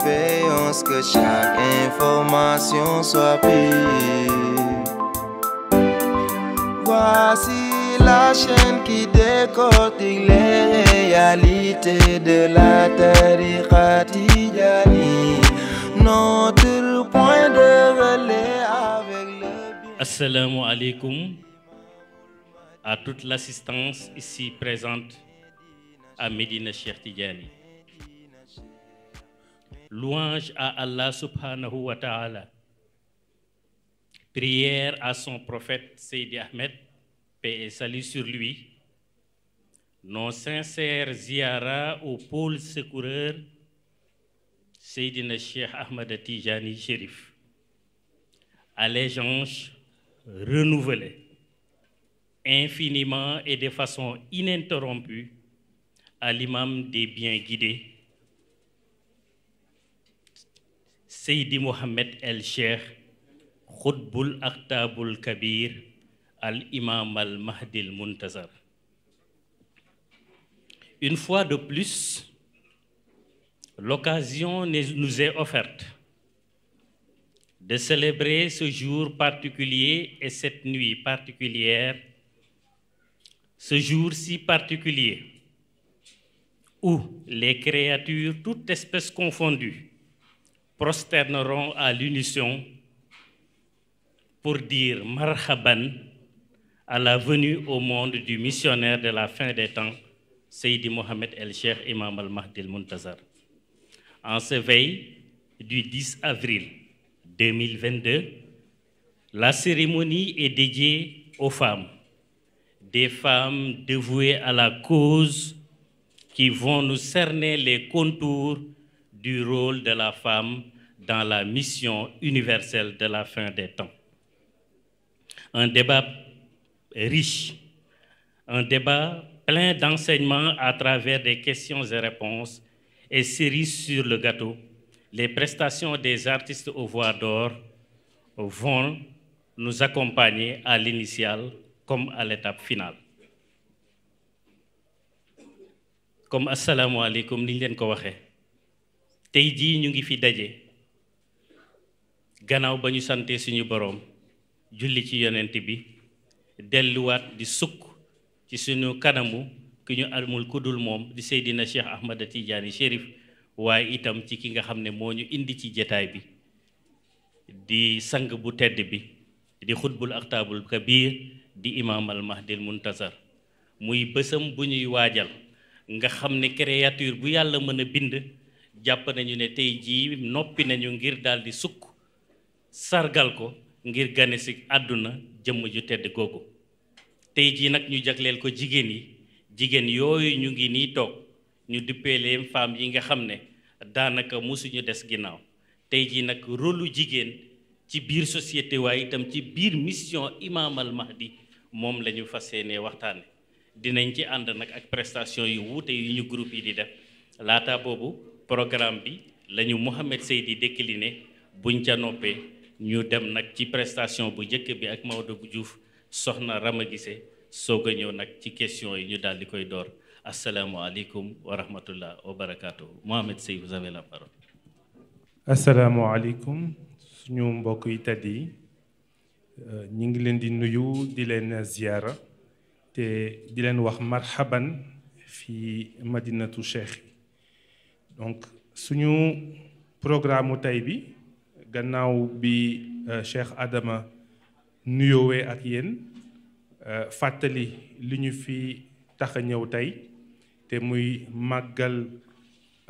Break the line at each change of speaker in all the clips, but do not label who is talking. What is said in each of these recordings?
surveillance, que Voici la chaîne qui décortique les réalités de la tariqa Tijani, notre point de relais avec
le Assalamu alaikum à toute l'assistance ici présente à Medina Cheikh Tidjani. Louange à Allah subhanahu wa ta'ala. Prière à son prophète Seydi Ahmed, paix et salut sur lui. Nos sincères ziyaras au pôle secoureur Seydina Cheikh Ahmed Tijani Chérif. Allégeance renouvelée infiniment et de façon ininterrompue à l'imam des bien guidés seydi mohammed el cheikh xutbul aktaabul kabir al imam al mahdil muntazar une fois de plus l'occasion nous est offerte de célébrer ce jour particulier et cette nuit particulière, ce jour si particulier où les créatures, toutes espèces confondues, prosterneront à l'unisson pour dire marhaban à la venue au monde du missionnaire de la fin des temps, Seydi Mohamed El Cheikh Imam Al Mahdi Muntazar. En ce veille du 10 avril 2022, la cérémonie est dédiée aux femmes, des femmes dévouées à la cause qui vont nous cerner les contours du rôle de la femme dans la mission universelle de la fin des temps. Un débat riche, un débat plein d'enseignements à travers des questions et réponses et cerise sur le gâteau. Les prestations des artistes aux voix d'or vont nous accompagner à l'initiale comme à l'étape finale. comme asalaamaaleykum ni ñu leen ko waxee tey jii ñu ngi fi daje gannaaw ba ñu santee suñu boroom julli ci yonent bi delluwaat di sukk ci suñu kanamu ki ñu amul kudul moom di Seydina Cheikh Ahmada Tidiane Chérif waaye itam ci ki nga xam ne moo ñu indi ci jataay bi di sang bu tedd bi di xutbul aktaabul kabir di imaamal mahdil muntasar muy bésam bu ñuy waajal nga xam ne créature bu yàlla mën a bind jàpp nañu ne tey jii noppi nañu ngir daal di sukk sargal ko ngir gane si àdduna jëmm ju tedd googu tey jii nag ñu jagleel ko jigéen yi jigéen yooyu ñu ngi nii toog ñu duppee leen yi nga xam ne daanaka mosuñu des ginnaaw tey jii nag rôlu jigéen ci biir société itam ci biir mission Imam Al Mahdi moom la ñu fas yéenee waxtaane dinañ ci ànd nag ak prestation yu wuute yu ñu groupe yi di def laata boobu programme bi lañu ñu Mouhamed Seydi décliné buñ ca noppee ñu dem nag ci prestation bu njëkk bi ak Maodo juuf soxna Rama Gise soog a ñëw nag ci question yi ñu daal di koy door asalaamualeykum wa rahmatullah wa barakaatu Mouhamed Seydi vous
suñu mbokk yi tedd ñu ngi leen di nuyu di leen ziyaara te di leen wax marhaban fi madinatu cheikh donc suñu programme mu tey bi gannaaw bi euh, Cheikh Adama nuyoowee ak yéen euh, fàttali li ñu fi tax ñëw tey te muy màggal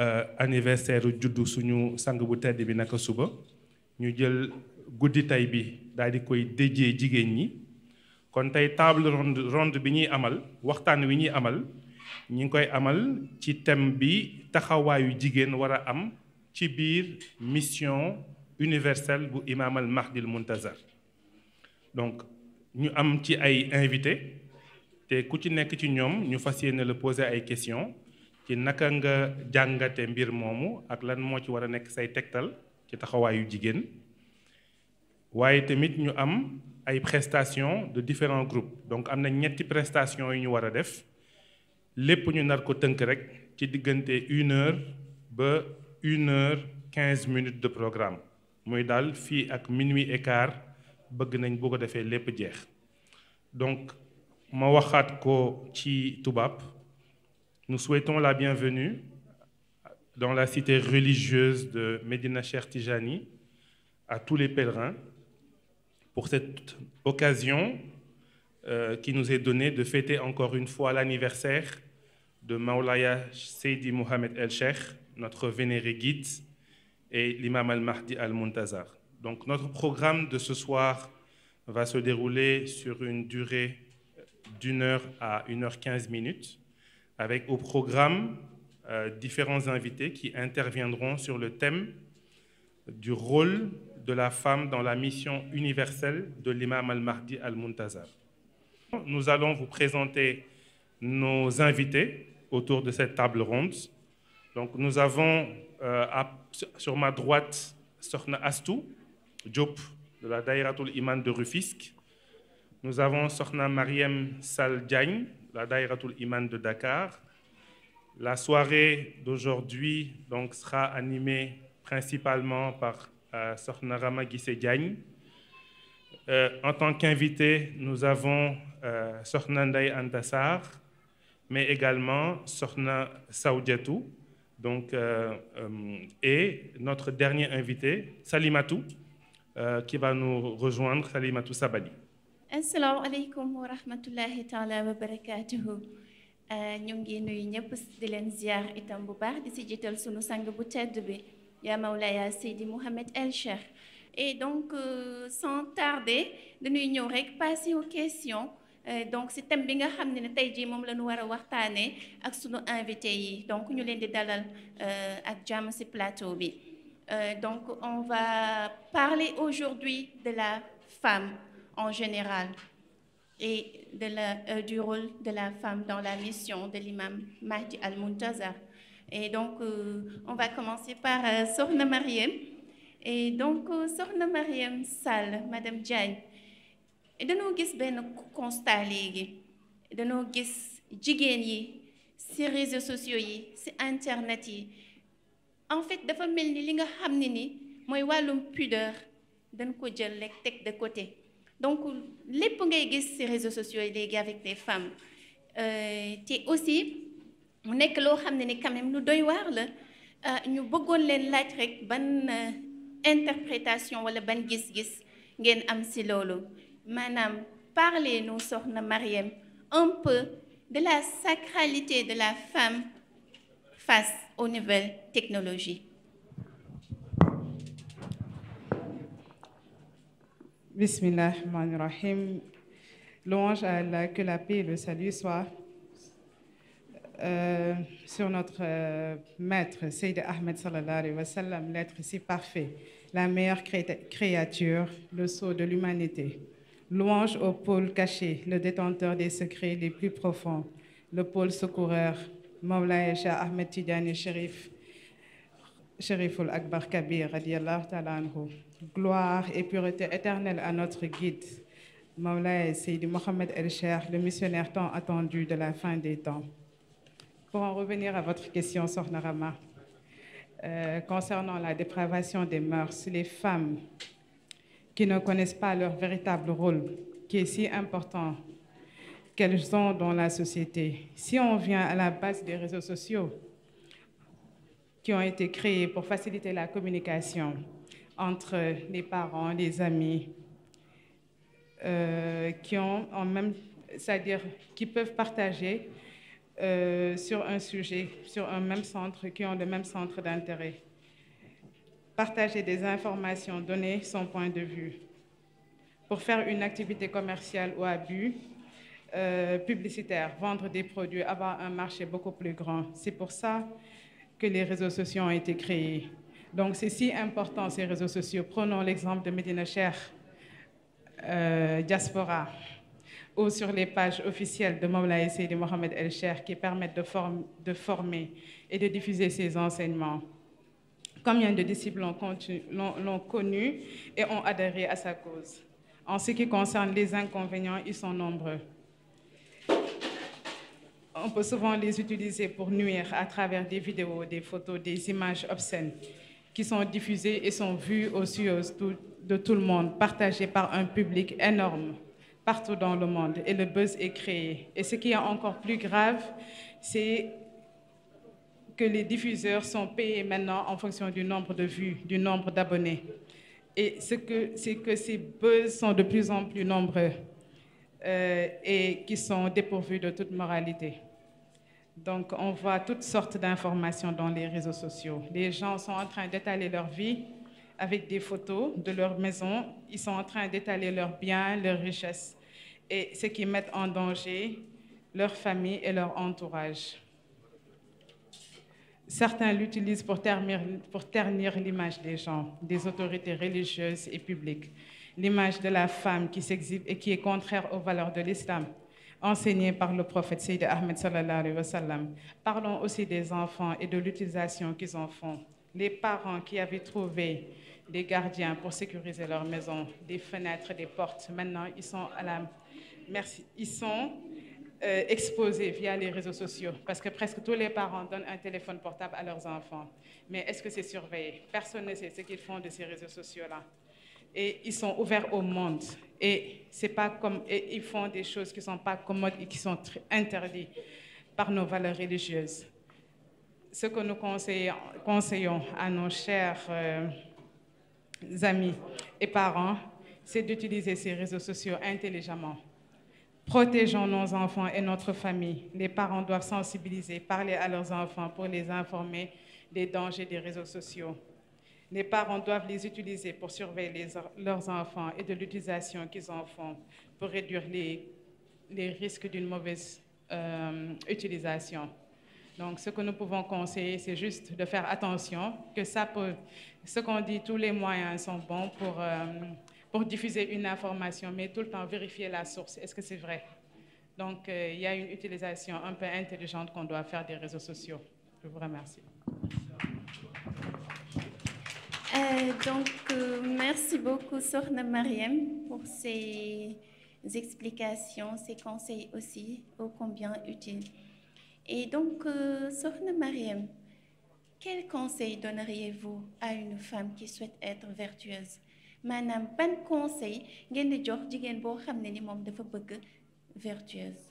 euh, anniversaire juddu suñu sang bu tedd bi naka suba ñu jël guddi tey bi daal di koy déjee jigéen ñi kon tey table ronde bi ñuy amal waxtaan wi ñuy amal ñi ngi koy amal ci thème bi taxawaayu jigéen war a am ci biir mission universelle bu imaam al mahdil muntazar donc ñu am ci ay invité te ku ci nekk ci ñoom ñu fas yéene la posé ay question ci naka nga jàngate mbir moomu ak lan moo ci war a nekk say tegtal ci taxawaayu jigéen waaye tamit ñu am ay prestations de différent groupes donc am na ñetti prestations yu ñu war a def lépp ñu nar ko tënk rek ci diggante une heure ba une heure quinze minutes de programme mooy daal fii ak minuit et quart bëgg nañ bu ko defee lépp jeex donc ma waxaat ko ci tubaab nous souhaitons la bienvenue dans la cité religieuse de Medina Cheikh Tijani à tous les pèlerins pour cette occasion euh, qui nous est donnée de fêter encore une fois l'anniversaire de Maulaya Seydi Mohamed El Cheikh, notre vénéré guide, et l'imam Al-Mahdi Al-Muntazar. Donc notre programme de ce soir va se dérouler sur une heure à 1h15 minutes, avec au programme euh, différents invités qui interviendront sur le thème du rôle de la femme dans la mission universelle de l'imam Al-Mahdi Al-Muntazar. Nous allons vous présenter nos invités autour de cette table ronde. nous avons euh, sur ma droite Sorna Astou, Diop de la Daïratul Iman de Rufisque. Nous avons Sorna Mariem Sal Diagne, la Daïratul Iman de Dakar. La soirée d'aujourd'hui donc sera animée principalement par euh, Sorna Rama Gissé Diagne. Euh, en tant qu'invité, nous avons euh, Sornanday Antassar, mais également Sorna Saoudiatou, donc, euh, euh, et notre dernier invité, salimatu euh, qui va nous rejoindre, Salimatou Sabali.
Assalamu alaikum wa rahmatullahi ta'ala wa barakatuhu. Euh, ñu ngi nuyu ñëpp di leen ziar itam bu baax di si sang bu tedd bi yaa Mawlaya Seydi Mouhamed El Cheikh et donc euh, sans tarder dañuy ñëw rek passer aux questions Euh, donc si thème bi nga xam ne ne tey jii moom la ñu war a waxtaanee ak sunu invité yi donc ñu leen di dalal euh, ak jàmm si plateau bi euh, donc on va parler aujourd'hui de la femme en général et de la euh, du rôle de la femme dans la mission de l'imam Mahdi Al-Muntazar et donc on va commencer par euh, Sokhna Marième et donc Sokhna Marième Sall Madame Diagne dañoo gis benn constat léegi danoo gis jigéen yi ci réseaux sociaux yi si internet yi en fait dafa mel ni li nga xam ne ni mooy wàllum pudeur dañ ko jël rek teg de côté donc lépp ngay gis ci réseaux sociaux yi léegi avec les femmes euh, te aussi mu nekk loo xam ne ni quand lu doy waar la euh, ñu bëggoon leen laaj rek ban euh, interprétation walla ban gis-gis ngeen am si loolu maanaam parlez-nous soxna Mariam un peu de la sacralité de la femme face aux nouvelles technologies.
Bismillah rahman rahim. Louange à Allah, que la paix et le salut soient euh, sur notre euh, maître Seyd Ahmed sallallahu alayhi wa sallam, l'être si parfait, la meilleure créature, le sceau de l'humanité. Louange au pôle caché, le détenteur des secrets les plus profonds, le pôle secoureur, Mawlaye Cheikh Ahmed Tidiane Chérif, Chériful Akbar Kabir, radiallahu ta'ala anhu. Gloire et pureté éternelle à notre guide, Mawlaye Seydi Mohamed El Cheikh, le missionnaire tant attendu de la fin des temps. Pour en revenir à votre question, Sokhna Rama, euh, concernant la dépravation des mœurs, les femmes qui ne connaissent pas leur véritable rôle, qui est si important qu'elles ont dans la société. Si on vient à la base des réseaux sociaux qui ont été créés pour faciliter la communication entre les parents, les amis, euh, qui ont en même, c'est-à-dire qui peuvent partager euh, sur un sujet, sur un même centre, qui ont le même centre d'intérêt. partager des informations, donner son point de vue. Pour faire une activité commerciale ou à but euh, publicitaire, vendre des produits, avoir un marché beaucoup plus grand. C'est pour ça que les réseaux sociaux ont été créés. Donc c'est si important ces réseaux sociaux. Prenons l'exemple de Medina Cher, euh, Diaspora, ou sur les pages officielles de Moula et de Mohamed El Cher qui permettent de, form de former et de diffuser ces enseignements. Combien de disciples l'ont connu et ont adhéré à sa cause En ce qui concerne les inconvénients, ils sont nombreux. On peut souvent les utiliser pour nuire à travers des vidéos, des photos, des images obscènes qui sont diffusées et sont vues aux yeux de tout le monde, partagées par un public énorme partout dans le monde et le buzz est créé. Et ce qui est encore plus grave, c'est que les diffuseurs sont payés maintenant en fonction du nombre de vues, du nombre d'abonnés. Et ce que c'est que ces buzz sont de plus en plus nombreux euh, et qui sont dépourvus de toute moralité. Donc on voit toutes sortes d'informations dans les réseaux sociaux. Les gens sont en train d'étaler leur vie avec des photos de leur maison, ils sont en train d'étaler leurs biens, leurs richesses et ce qui met en danger leur famille et leur entourage. Certains l'utilisent pour ternir, pour ternir l'image des gens, des autorités religieuses et publiques, l'image de la femme qui s'exhibe et qui est contraire aux valeurs de l'islam enseignées par le prophète Sayyid Ahmed sallallahu alayhi wa sallam. Parlons aussi des enfants et de l'utilisation qu'ils en font. Les parents qui avaient trouvé des gardiens pour sécuriser leur maison, des fenêtres, des portes, maintenant ils sont la merci, euh, exposé via les réseaux sociaux, parce que presque tous les parents donnent un téléphone portable à leurs enfants. Mais est-ce que c'est surveillé? Personne ne sait ce qu'ils font de ces réseaux sociaux-là. Et ils sont ouverts au monde. Et c'est pas comme, et ils font des choses qui sont pas commodes et qui sont interdites par nos valeurs religieuses. Ce que nous conseillons, conseillons à nos chers euh, amis et parents, c'est d'utiliser ces réseaux sociaux intelligemment. Protégeons nos enfants et notre famille. Les parents doivent sensibiliser, parler à leurs enfants pour les informer des dangers des réseaux sociaux. Les parents doivent les utiliser pour surveiller les, leurs enfants et de l'utilisation qu'ils en font pour réduire les, risques d'une mauvaise euh, utilisation. Donc, ce que nous pouvons conseiller, c'est juste de faire attention, que ça peut, ce qu'on dit, tous les moyens sont bons pour euh, pour diffuser une information, mais tout le temps vérifier la source. Est-ce que c'est vrai? Donc, euh, il y a une utilisation un peu intelligente qu'on doit faire des réseaux sociaux. Je vous remercie.
Euh, donc, euh, merci beaucoup, Sorna Mariam, pour ces combien utiles. Et euh, quel conseil donneriez-vous à une femme qui souhaite être vertueuse maanaam ban conseil ngeen di jox jigéen boo xam ne ni moom dafa bëgg vertueuse.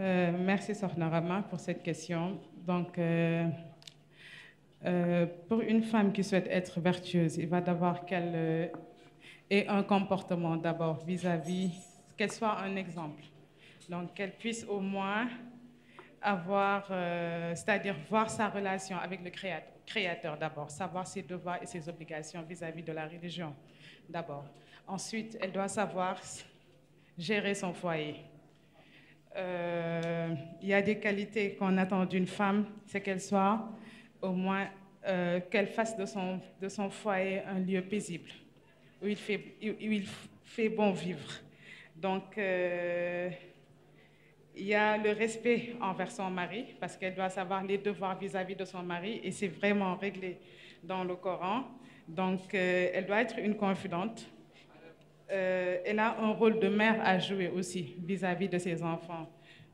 Euh, merci Sokhna pour cette question donc euh, euh, pour une femme qui souhaite être vertueuse il va d'abord qu'elle euh, ait un comportement d'abord vis-à-vis qu'elle soit un exemple qu'elle puisse au moins avoir, euh, c'est-à-dire voir sa relation avec le créateur, créateur d'abord, savoir ses devoirs et ses obligations vis-à-vis de la religion d'abord. Ensuite, elle doit savoir gérer son foyer. Euh, il euh, y a des qualités qu'on attend d'une femme, c'est qu'elle soit au moins, euh, qu'elle fasse de son, de foyer un lieu paisible, où il fait bon vivre. Donc, euh, Il y a le respect envers son mari, parce qu'elle doit savoir les devoirs vis-à-vis -vis de son mari, et c'est vraiment réglé dans le Coran. Donc, euh, elle doit être une confidente. Euh, elle a un rôle de mère à jouer aussi vis-à-vis -vis de ses enfants.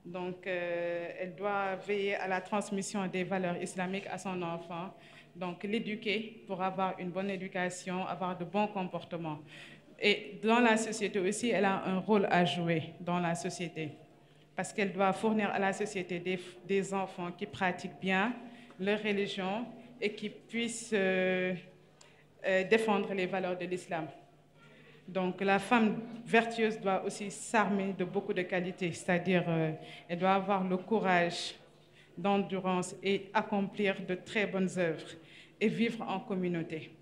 Donc, euh, elle doit veiller à la transmission des valeurs islamiques à son enfant, donc l'éduquer pour avoir une bonne éducation, avoir de bons comportements. Et dans la société aussi, elle a un rôle à jouer dans la société. parce qu'elle doit fournir à la société des, des, enfants qui pratiquent bien leur religion et qui puissent euh, euh, défendre les valeurs de l'islam. Donc la femme vertueuse doit aussi s'armer de beaucoup de qualités, c'est-à-dire euh, elle doit avoir le courage d'endurance et accomplir de très bonnes œuvres et vivre en communauté.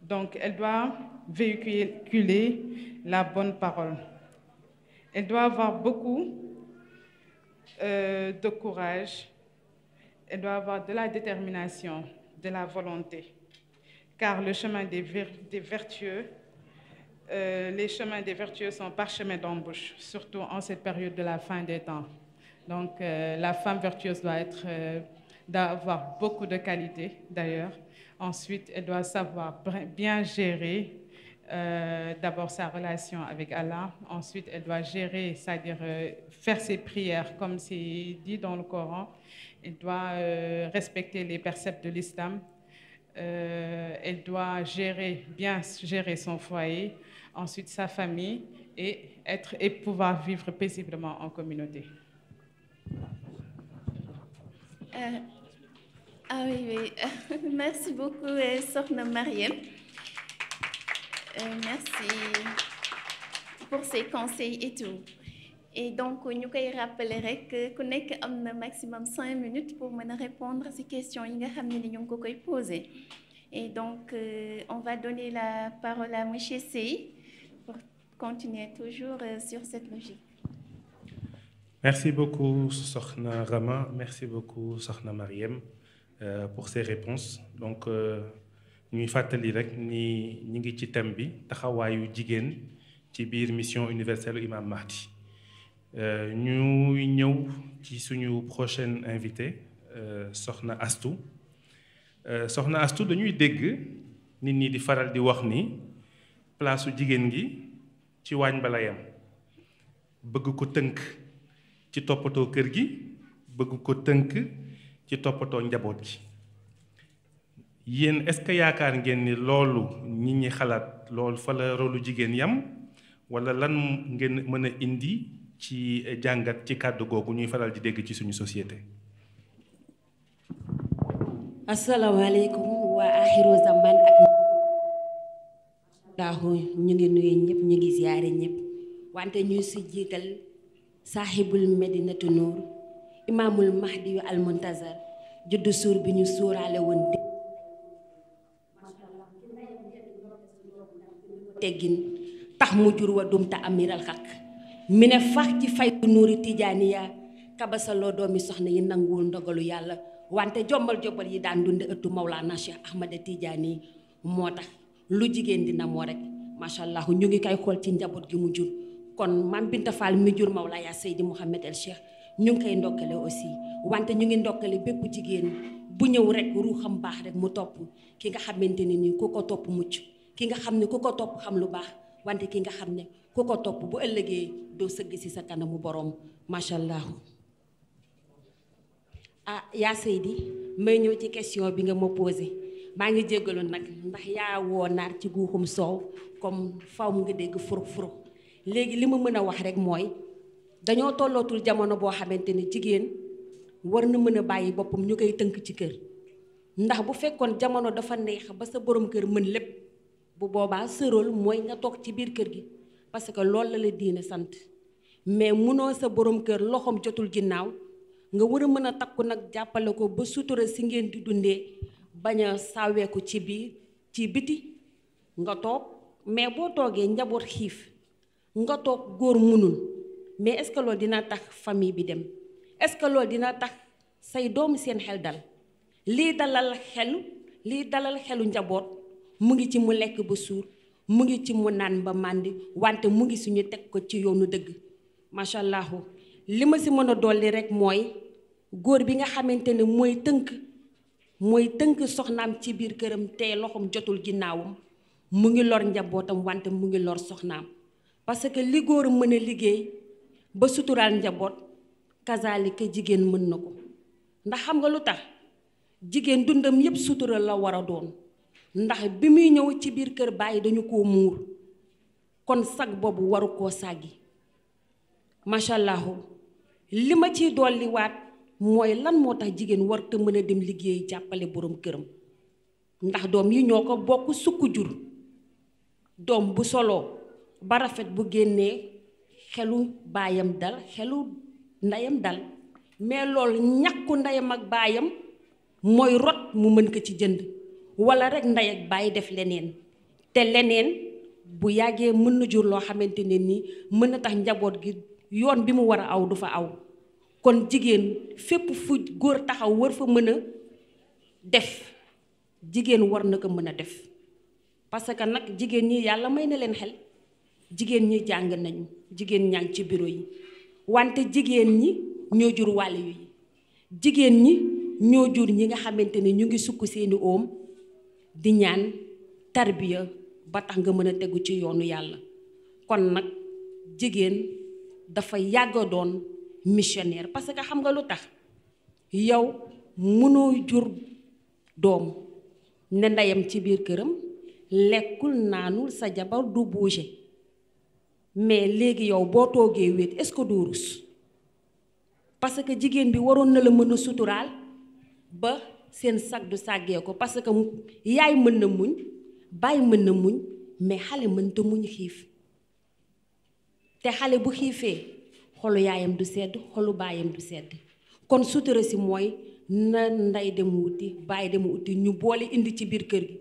Donc elle doit véhiculer la bonne parole. Elle doit avoir beaucoup Euh, de courage, elle doit avoir de la détermination, de la volonté. Car le chemin des, des vertueux, euh, les chemins des vertueux sont parchemins d'embûches, surtout en cette période de la fin des temps. Donc euh, la femme vertueuse doit être, doit avoir beaucoup de qualités d'ailleurs. Ensuite, elle doit savoir bien gérer euh, d'abord sa relation avec Allah, ensuite elle doit gérer, c'est-à-dire euh, comme c'est dit dans le Coran, elle doit euh, respecter les préceptes de l'islam, euh, elle doit gérer, bien son foyer, ensuite sa famille et, être, et pouvoir vivre paisiblement en communauté.
Euh, ah oui, oui. merci beaucoup, Sokhna Mariem. Euh, merci pour ces conseils et tout et donc ñu koy rappeler rek ku nekk am na maximum cinq minutes pour mën a répondre ci questions yi nga xam ne ni ñu ngi ko koy poser et donc euh, on va donner la parole à monsieur Sey pour continuer toujours euh, sur cette logique.
merci beaucoup Sokhna Rama merci beaucoup Sokhna Mariem pour ces réponses donc. Euh, ñuy fàttali rek ni ñi ngi ci thème bi taxawaayu jigéen ci biir mission universelle Imam Mahdi euh, ñuy ñëw ci suñu prochaine invité euh, Soxna astu euh, Soxna Astou dañuy dégg nit ñi di faral di wax ni palaasu jigéen gi ci waañ bala yam bëgg ko tënk ci toppatoo kër gi bëgg ko tënk ci toppatoo njaboot gi yéen est-ce que yaakaar ngeen ni loolu ñi ñi xalaat lool fa la rolu jigéen yam walla lan ngeen mën a indi ci eh, jàngat ci kàddu googu ñuy faral di dégg ci suñu société
asalaamaaleykum waa axiru zaman ak ñu ngi nuyu ñëpp ñu ngi ziyaare ñëpp wante ñuy si jiital saaxibul medinatu nuur imaamul mahdi yu almuntazar juddu suur bi ñu suuraale woon teggin tax mu jur wa dumta amiral xaq mi ne fax ci fay nuuri tijaaniya kabasaloo doomi soxna yi nanguwul ndogalu yàlla wante jombal jombal yi daan dunde ëttu Mawlaana Cheikh Ahmada Tijaani moo tax lu jigéen dina moo rek macha allah ñu ngi koy xool ci njaboot gi mu jur kon Mame Binta Fall mi jur Mawlaaya Seydi Mouhamed El Cheikh ñu ngi koy ndokkale aussi wante ñu ngi ndokkale bépp jigéen bu ñëw rek ruuxam baax rek mu topp ki nga xamante ne nii ku ko topp mucc ki nga xam ne ku ko topp xam lu baax wante ki nga xam ne ku ko topp bu ëllëgee doo sëgg ci sa kanamu boroom macha allah. ah yaa Seydi may ñëw ci question bi nga ma posé maa ngi jéggalu nag ndax yaa woo naar ci guuxum soow comme faw mu ngi dégg furuk furuk léegi li ma mën a wax rek mooy dañoo tollootul jamono boo xamante ne jigéen war na mën a bàyyi boppam ñu koy tënk ci kër ndax bu fekkoon jamono dafa neex ba sa borom kër mën lépp bu boobaa sa mooy nga toog ci biir kër gi parce que loolu la la diine sant mais munoo sa borom kër loxoom jotul ginnaaw nga war a mën a takku nag jàppale ko ba sutura si ngeen di dundee bañ a sàweeku ci biir ci biti nga toog mais boo toogee njaboot xiif nga toog góor munul mais est-ce que dina tax famille bi dem est-ce que dina tax say doom seen xel dal lii dalal xel lii dalal xelu njaboot. mu ngi ci mu lekk ba suur mu ngi ci mu naan ba màndi wante mu ngi suñu teg ko ci yoonu dëgg macha allah li ma si mën a dolli rek mooy góor bi nga xamante ne mooy tënk mooy tënk soxnaam ci biir këram te loxoom jotul ginnaawam mu ngi lor njabootam wante mu ngi lor soxnaam parce que li góor mën a liggéey ba suturaal njaboot kazaalika jigéen mën na ko ndax xam nga lu tax jigéen dundam yépp sutura la war a doon ndax bi muy ñëw ci biir kër bàyyi dañu ko muur kon sag boobu waru koo sàggi macha allahu li ma ciy dolliwaat mooy lan moo tax jigéen war te mën a dem liggéey jàppale borom këram ndax doom yi ñoo ko bokk sukk jur doom bu soloo ba rafet bu génnee xelu baayam dal xelu ndeyam dal mais loolu ñàkku ndeyam ak baayam mooy rot mu mën ko ci jënd wala rek ndey ak bàyyi def leneen te leneen bu yàggee mën na jur loo xamante ne ni mën a tax njaboot gi yoon bi mu war a aw du fa aw kon jigéen fépp fu góor taxaw war fa mën a def jigéen war na ko mën a def parce que nag jigéen ñi yàlla may na leen xel jigéen ñi jàng nañu jigéen ñan ci bureau yi wante jigéen ñi ñoo jur wàll yi jigéen ñi ñoo jur ñi nga xamante ni ñu ngi sukk seeni oom di ñaan tarbiya ba tax nga mën a tegu ci yoonu yàlla kon nag jigéen dafa yàgg doon missionaire parce que xam nga lu tax yow mënoo jur doom ne ndeyam ci biir këram lekkul naanul sa jabar du bouger mais léegi yow boo toogee wéet est-ce que doo jigéen bi waroon na la mën a suturaal ba seen sag du sàggeeku parce que yaay mën na muñ baay mën na muñ mais xale mënta muñ xiif te xale bu xiifee xolu yaayam du sedd xolu baayam du sedd kon sutura si mooy na ndey dem wuti bàyyi dem wuti ñu boole indi ci biir kër gi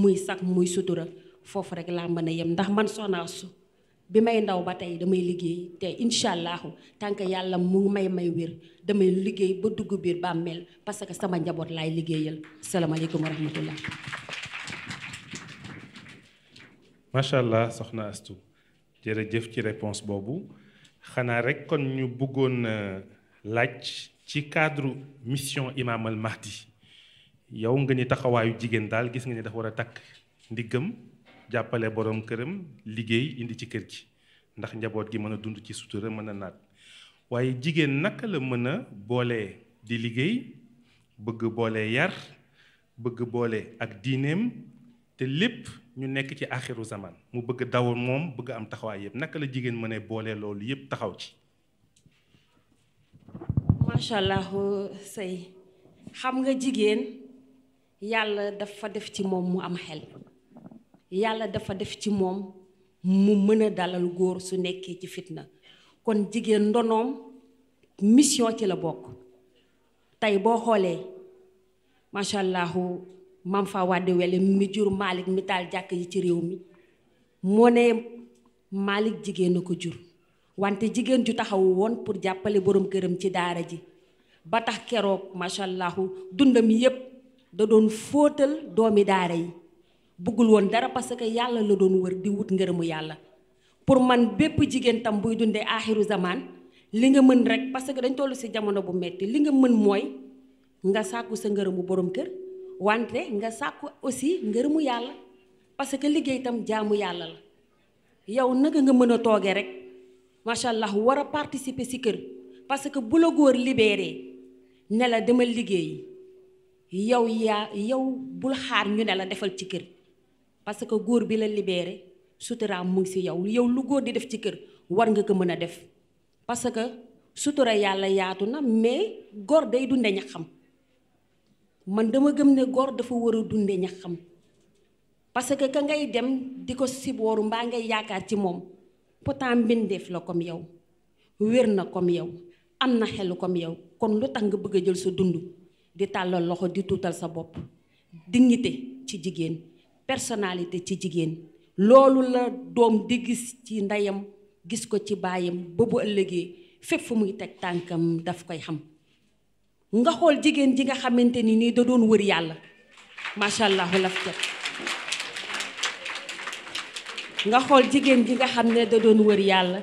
muy sag muy sutura foofu rek laa mën a yem ndax man soxna su bi may ndaw ba tey damay liggéey te incha allahu tànk yàlla mu may may wér damay liggéey ba dugg biir bàmmeel parce que sama njaboot laay liggéeyal salaamaaleykum wa rahmatullah.
macha allah soxna Astou jërëjëf ci réponse boobu xanaa rek kon ñu bëggoon euh, laaj ci cadre mission imaamal mahdi yow nga ni taxawaayu jigéen daal gis nga ni dafa war a takk ndiggam. jàppale borom këram liggéey indi ci kër gi ndax njaboot gi mën a dund ci sutura mën a naat waaye jigéen naka la mën a boolee di liggéey bëgg boole yar bëgg boole ak diineem te lépp ñu nekk ci axiru zaman mu bëgg daw moom bëgg am taxawaay yëpp naka la jigéen mënee boole loolu yëpp taxaw ci.
macha allah say xam nga jigéen yàlla dafa def ci moom mu am xel. yàlla dafa def ci moom mu mën a dalal góor su nekkee ci fitna kon jigéen ndonoom mission ci la bokk tey boo xoolee macha allahu mam fa wàdde wele mi jur malik mi taal jàkk yi ci réew mi moo ne Malick jigéen a ko jur wante jigéen ju taxawu woon pour jàppale boroom këram ci daara ji ba tax keroog macha allahu dundam yépp da doon fóotal doomi daara yi bëggul woon dara parce que yàlla la doon wër di wut ngërëmu yàlla pour man bépp jigéen tam buy dundee aaxiru zamaan li nga mën rek parce que dañ toll si jamono bu metti li nga mën mooy nga sàkku sa ngërëmu borom kër wante nga sàkku aussi ngërëmu yàlla parce que liggéey tam jaamu yàlla la yow naka nga mën a toogee rek macha allah war a participer si kër parce que bu la góor libéré ne la demal liggéey yow yaa yow bul xaar ñu ne la defal ci kër. parce que góor bi la libeere suturaam mu ngi si yow yow lu góor di def ci kër war nga ko mën a def parce que sutura yàlla yaatu na mais góor day dunde ñaxam man dama gëm ne góor dafa war dunde ñaxam parce que ka ngay dem di ko sibooru mbaa ngay yaakaar ci moom pourtant mbindeef la comme yow wér na comme yow am na xelu comme yow kon lu tax nga bëgg a jël sa dund di tàllal loxo di tuutal sa bopp dignité ci jigéen personnalité ci jigéen loolu la doom di gis ci ndeyam gis ko ci baayam ba bu ëllëgee fépp fu muy teg tànkam daf koy xam nga xool jigéen ji nga xamante ni nii da doon wër yàlla macha allah laf teg nga xool jigéen ji nga xam ne da doon wër yàlla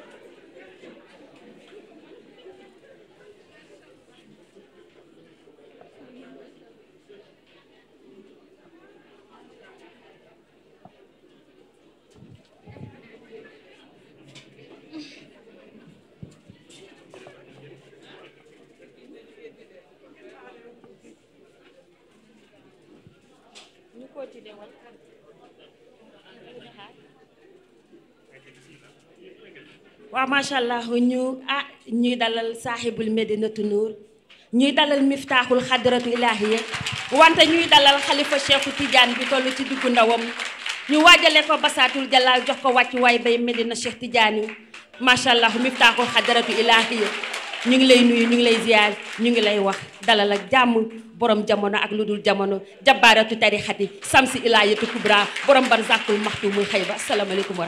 waaw macha allah ñu ah ñuy dalal saaxibul Medinatu nur ñuy dalal miftaaxul xadratu ilaahiya wante ñuy dalal xalifa Cheikhu Tidiane bi toll ci diggu ndawam ñu waajale ko basaatul jalaal jox ko wàcc waay bay Medina Cheikh Tidiane macha allah miftaaxul xadratu ilaahiya ñu ngi lay nuyu ñu ngi lay ziyaar ñu ngi lay wax dalal ak jàmm borom jamono ak lu dul jamono jabbaaratu tarixati samsi ilaayatu kubra borom barzakul maxtu muy xëy ba asalaamaaleykum wa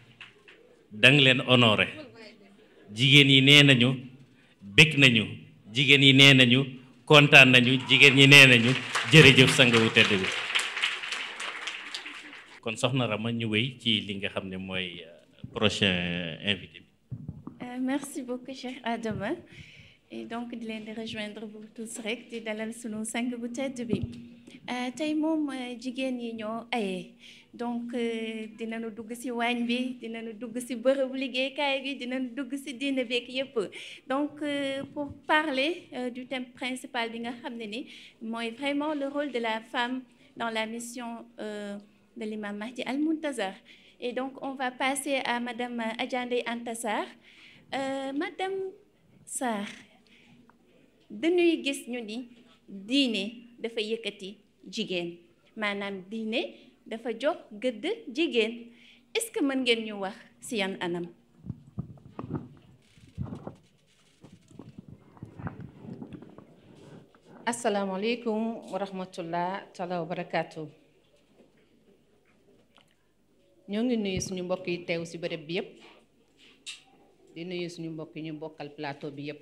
danga leen honoré jigéen yi nee nañu bég nañu jigéen yi nee nañu kontaan nañu jigéen ñi nee nañu jërëjëf sang bu tedd bi kon soxna Rama ñu wéy ci li nga xam ne mooy euh, prochain euh, invité
bi euh, donc di leen di rejoindre bu tous rek di dalal sunu sang bu tedd bi euh, tey moom euh, jigéen yi ñoo aye donc euh, dinañu dugg ci waañ bi dinañu dugg ci bërëbu liggéeykaay bi dinañu dugg ci diine beeg yëpp donc pour parler du thème principal bi nga xam ne ni mooy vraiment le role de la femme dans la mission de l'imam Mahdi al et donc on va passer à madame Adja Ndeye Anta Sarr dañuy gis ñu ni diine dafa yëkkati jigéen maanaam diine dafa jox gëdd jigéen est-ce que mën ngeen ñu wax ci yan anam
asalaamaaleykum wa rahmatullah taala wa barakaatu ñoo ngi nuyu suñu mbokk yi teew ci bërëb bi yépp di nuyu suñu mbokk yi ñu bokkal plateau bi yépp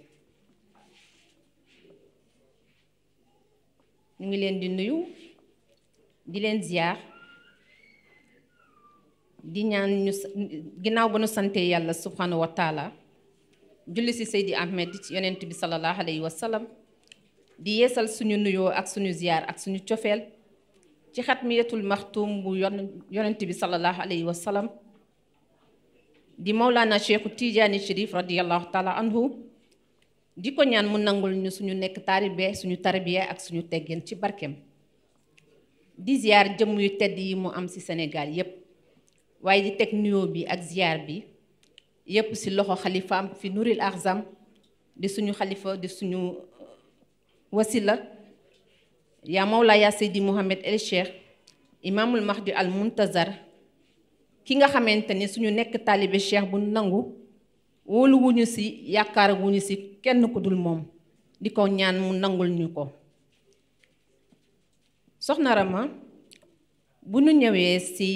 ñu ngi leen di nuyu di leen ziar di ñaan ñu ginnaaw ba nu sante yàlla subhanahu wa taala julli si Seydi Ahmed ci yonent bi sallallahu alayhi wa sallam di yeesal suñu nuyoo ak suñu ziar ak suñu cofeel ci xatmiyatul maxtum bu yon yonent bi sallallahu alayhi wa sallam di Mawlana Cheikhu Tijaani Chérif radiyallahu taala anhu di ñaan mu nangul ñu suñu nekk taaribe suñu tarbiya ak suñu teggin ci barkeem di ziar jëm yu tedd yi mu am ci senegal yépp waaye di teg nuyoo bi ak ziar bi yépp ci loxo xalifaam fi nuril axzam di suñu xalifa di suñu uh, wasila yaa mawla yaa seydi Mouhamed El Cheikh imaamul mahdi al muntazar ki nga xamante ni suñu nekk taalibe cheikh bu nangu wóolu wuñu si yaakaar wuñu si kenn ku dul moom di ko ñaan mu nangul ñu ko soxna Rama bu ñu ñëwee si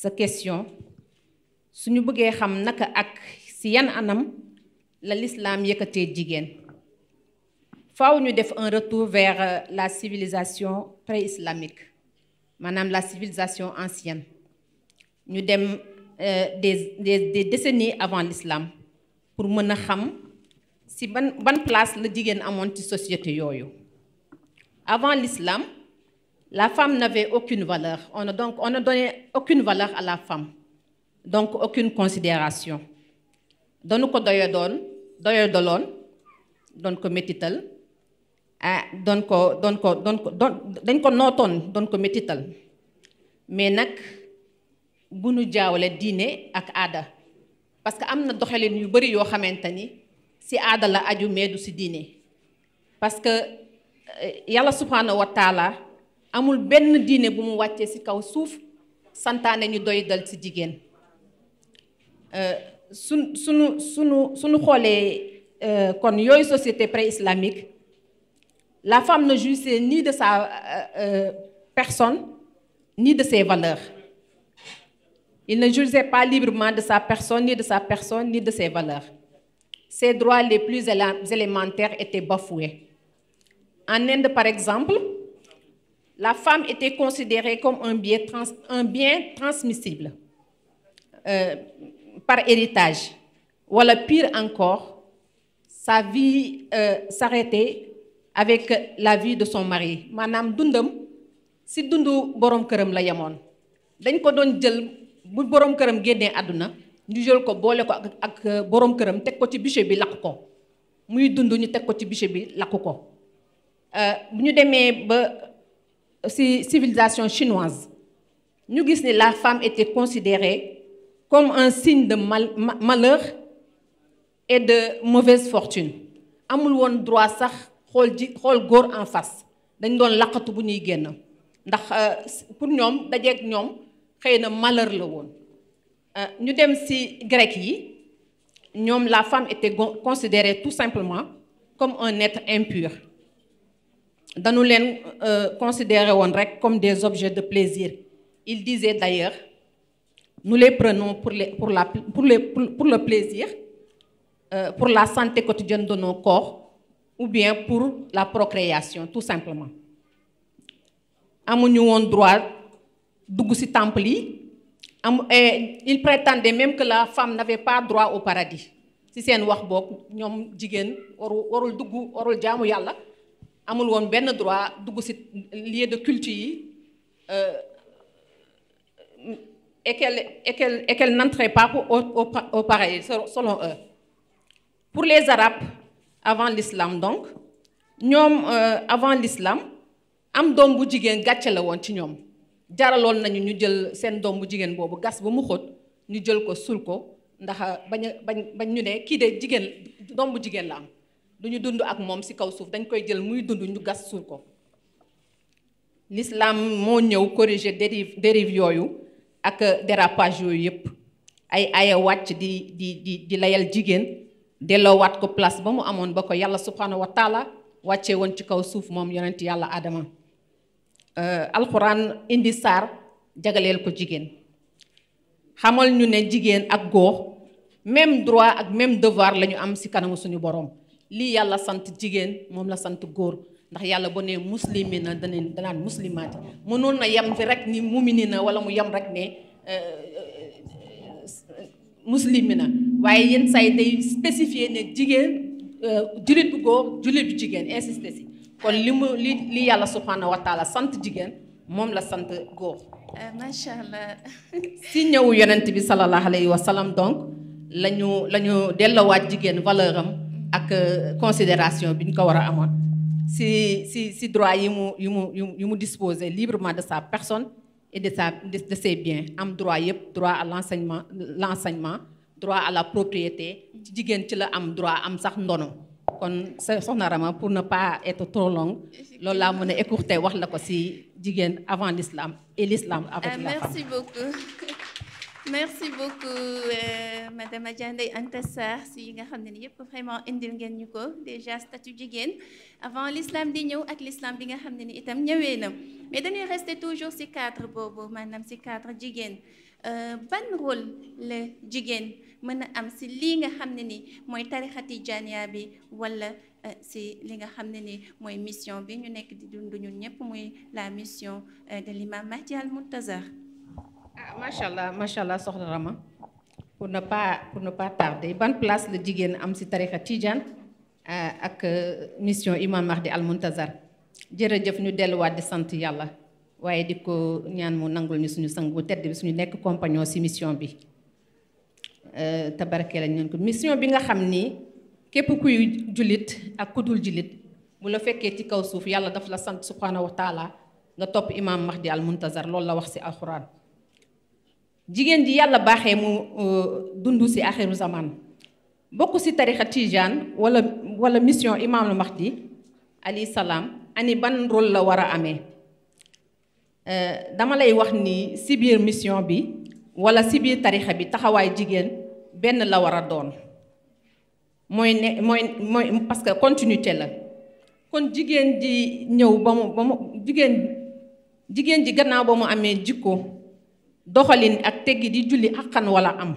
sa question suñu bëggee xam naka ak si yan anam la lislaam yëkkatee jigéen faaw ñu def un retour vers la civilisation pré-islamique maanaam la civilisation ancienne ñu dem Euh, des des des décennies avant l'islam pour mën a xam si ban ban place la jigéen amoon ci société yooyu avant l'islam la femme n'avait aucune valeur on a donc on ne aucune valeur à la femme donc aucune considération dañu ko doyo doon doyo doloon doon ko métital ah doon ko doon ko doon ko doon dañ ko nootoon doon ko métital mais nag bu nu jaawale diine ak aada parce que am na doxalin yu bari yoo xamante ni si aada la aju mais du si diine parce que euh, yàlla subhaanahu wa amul benn diine bu mu wàccee si kaw suuf santaane ñu doy dal si jigéen euh, sun sunu sunu suñu xoolee euh, kon yooyu société pré-islamique la femme ne jouissait ni de sa personne nii de ses valeurs Il ne jouissait pas librement de sa personne, ni de sa personne, ni de ses valeurs. Ses droits les plus élémentaires étaient bafoués. En Inde, par exemple, la femme était considérée comme un bien, trans, un bien transmissible euh, par héritage. wala pire encore, sa vie euh, s'arrêtait avec la vie de son mari maanaam dundam si dundu borom këram la yemoon dañ ko doon jël bu borom këram génnee àdduna ñu jël ko boole ko ak ak euh, borom këram teg ko ci bûcher bi lakk ko muy dund ñu teg ko ci bûcher bi lakk ko euh, bu ñu demee ba euh, ci civilisation chinoise ñu gis ni la femme était considérée comme un signe de mal malheur et de mauvaise fortune amul woon droit sax xool ji xool góor en face dañ doon laqatu bu ñuy génn ndax pour ñoom dajeeg ñoom xëy na malheur la woon euh, ñu dem ci grec yi ñoom la femme était considérée tout simplement comme un être impur dañu leen euh, considéré woon rek comme des objets de plaisir il disait d'ailleurs nous les prenons pour les pour la pour les pour le plaisir euh, pour la santé quotidienne de nos corps ou bien pour la procréation tout simplement amuñu woon droit dugg si temple yi am eh, il prétendait même que la femme n'avait pas droit au paradis ci seen wax boobu ñoom jigéen waru warul dugg warul jaamu yàlla amul woon benn droit dugg ci lieu de culte yi euh, et qu'elle et qu'elle et qu'elle n'entrait pas au au au paradis selon eux pour les arabes avant l'islam donc ñoom euh, avant l'islam am doom bu jigéen gàcce la woon ci ñoom jaraloon nañu ñu jël seen doom bu jigéen boobu gas ba mu xóot ñu jël ko sul ko ndax bañ bañ bañ ñu ne kii de jigéen doom bu jigéen la am lu ñu dund ak moom si kaw suuf dañ koy jël muy dund ñu gas sul ko l'islam moo ñëw corriger dérive dérive yooyu ak dérapage yooyu yëpp ay aya wàcc di di di di layal jigéen delloowaat ko place ba mu amoon ba ko yàlla subhanahu wa taala wàccee woon ci kaw suuf moom yonent yàlla Adama Euh, alxuraan indi saar jagaleel ko jigéen xamal ñu ne jigéen ak góor même droit ak même devoir la ñu am si kanamu suñu borom lii yàlla sant jigéen moom la sant góor ndax yàlla boo nee muslimi na daneen danaan muslimaati mënoon na yem fi rek ni mumini na wala mu yem rek ne euh, euh, muslimi na waaye yenn saa yi day spécifier ne jigéen jullit bu ko jullit bu jigéen insisté si kon li mu li li yàlla subhanahu wa taala sant jigéen moom la sant góor. Eh, macha si ñëw yonent bi sallallahu alayhi wa sallam donc la ñu la ñu delloowaat jigéen valeur am ak euh, considération bi ñu ko war a amoon si si si droit yi mu yi mu yi mu disposer librement de sa personne et de sa de ses biens am droit yëpp droit à l'enseignement l'enseignement droit à la propriété ci jigéen ci la am droit am sax ndono. kon soxna Rama pour na pas être trop longue loolu laa mën a écourter wax la ko ci jigéen avant l'islam et l'islam euh, avec la femme. merci
beaucoup merci beaucoup euh, madame Adja Ndeye Anta yi nga xam ne yëpp vraiment indil ngeen ñu ko déjà statut jigéen avant l'islam di ñëw ak l'islam bi nga xam ne ni itam ñëwee na mais dañuy rester toujours ci cadre boobu maanaam ci cadre jigéen euh, ban rôle la jigéen. mën a am si lii nga xam ne ni mooy tarixa tijaaniya bi walla euh, si li nga xam ne ni mooy mission bi ñu nekk di dund ñun ñëpp muy la mission euh, de l'imam Mahdi al Muntazar
ah macha allah macha allah soxna Rama pour na pa pour na pas tarder ban place la jigéen am si tarixa tijaan euh, ak mission imam Mahdi al Muntazar jërëjëf ñu delluwaat di sant yàlla waaye di ko ñaan moo nangul ñu suñu sang bu tedd bi suñu nekk compagnon si mission bi Euh, tabarakee lañ na ko mission bi nga xam ni képp kuy jullit ak kudul jullit bu la fekkee ci kaw suuf yàlla daf la sant subhaanahu wa taala nga topp imam Mahdi al Muntazar loolu la wax si alxuraan ji yàlla baaxee mu euh, dund si axiru zaman bokk si tarixa tijaan wala wala mission imam al Mahdi alayhi salaam ani ban rôle la war a amee euh, dama lay wax ni si mission bi wala si biir tarixa bi taxawaay jigéen benn la war a doon mooy ne mooy mooy parce que continuité la kon jigéen ji ñëw ba mu ba mu jigéen jigéen ji gannaaw ba mu amee jikko doxalin ak teggi di julli àqan wala am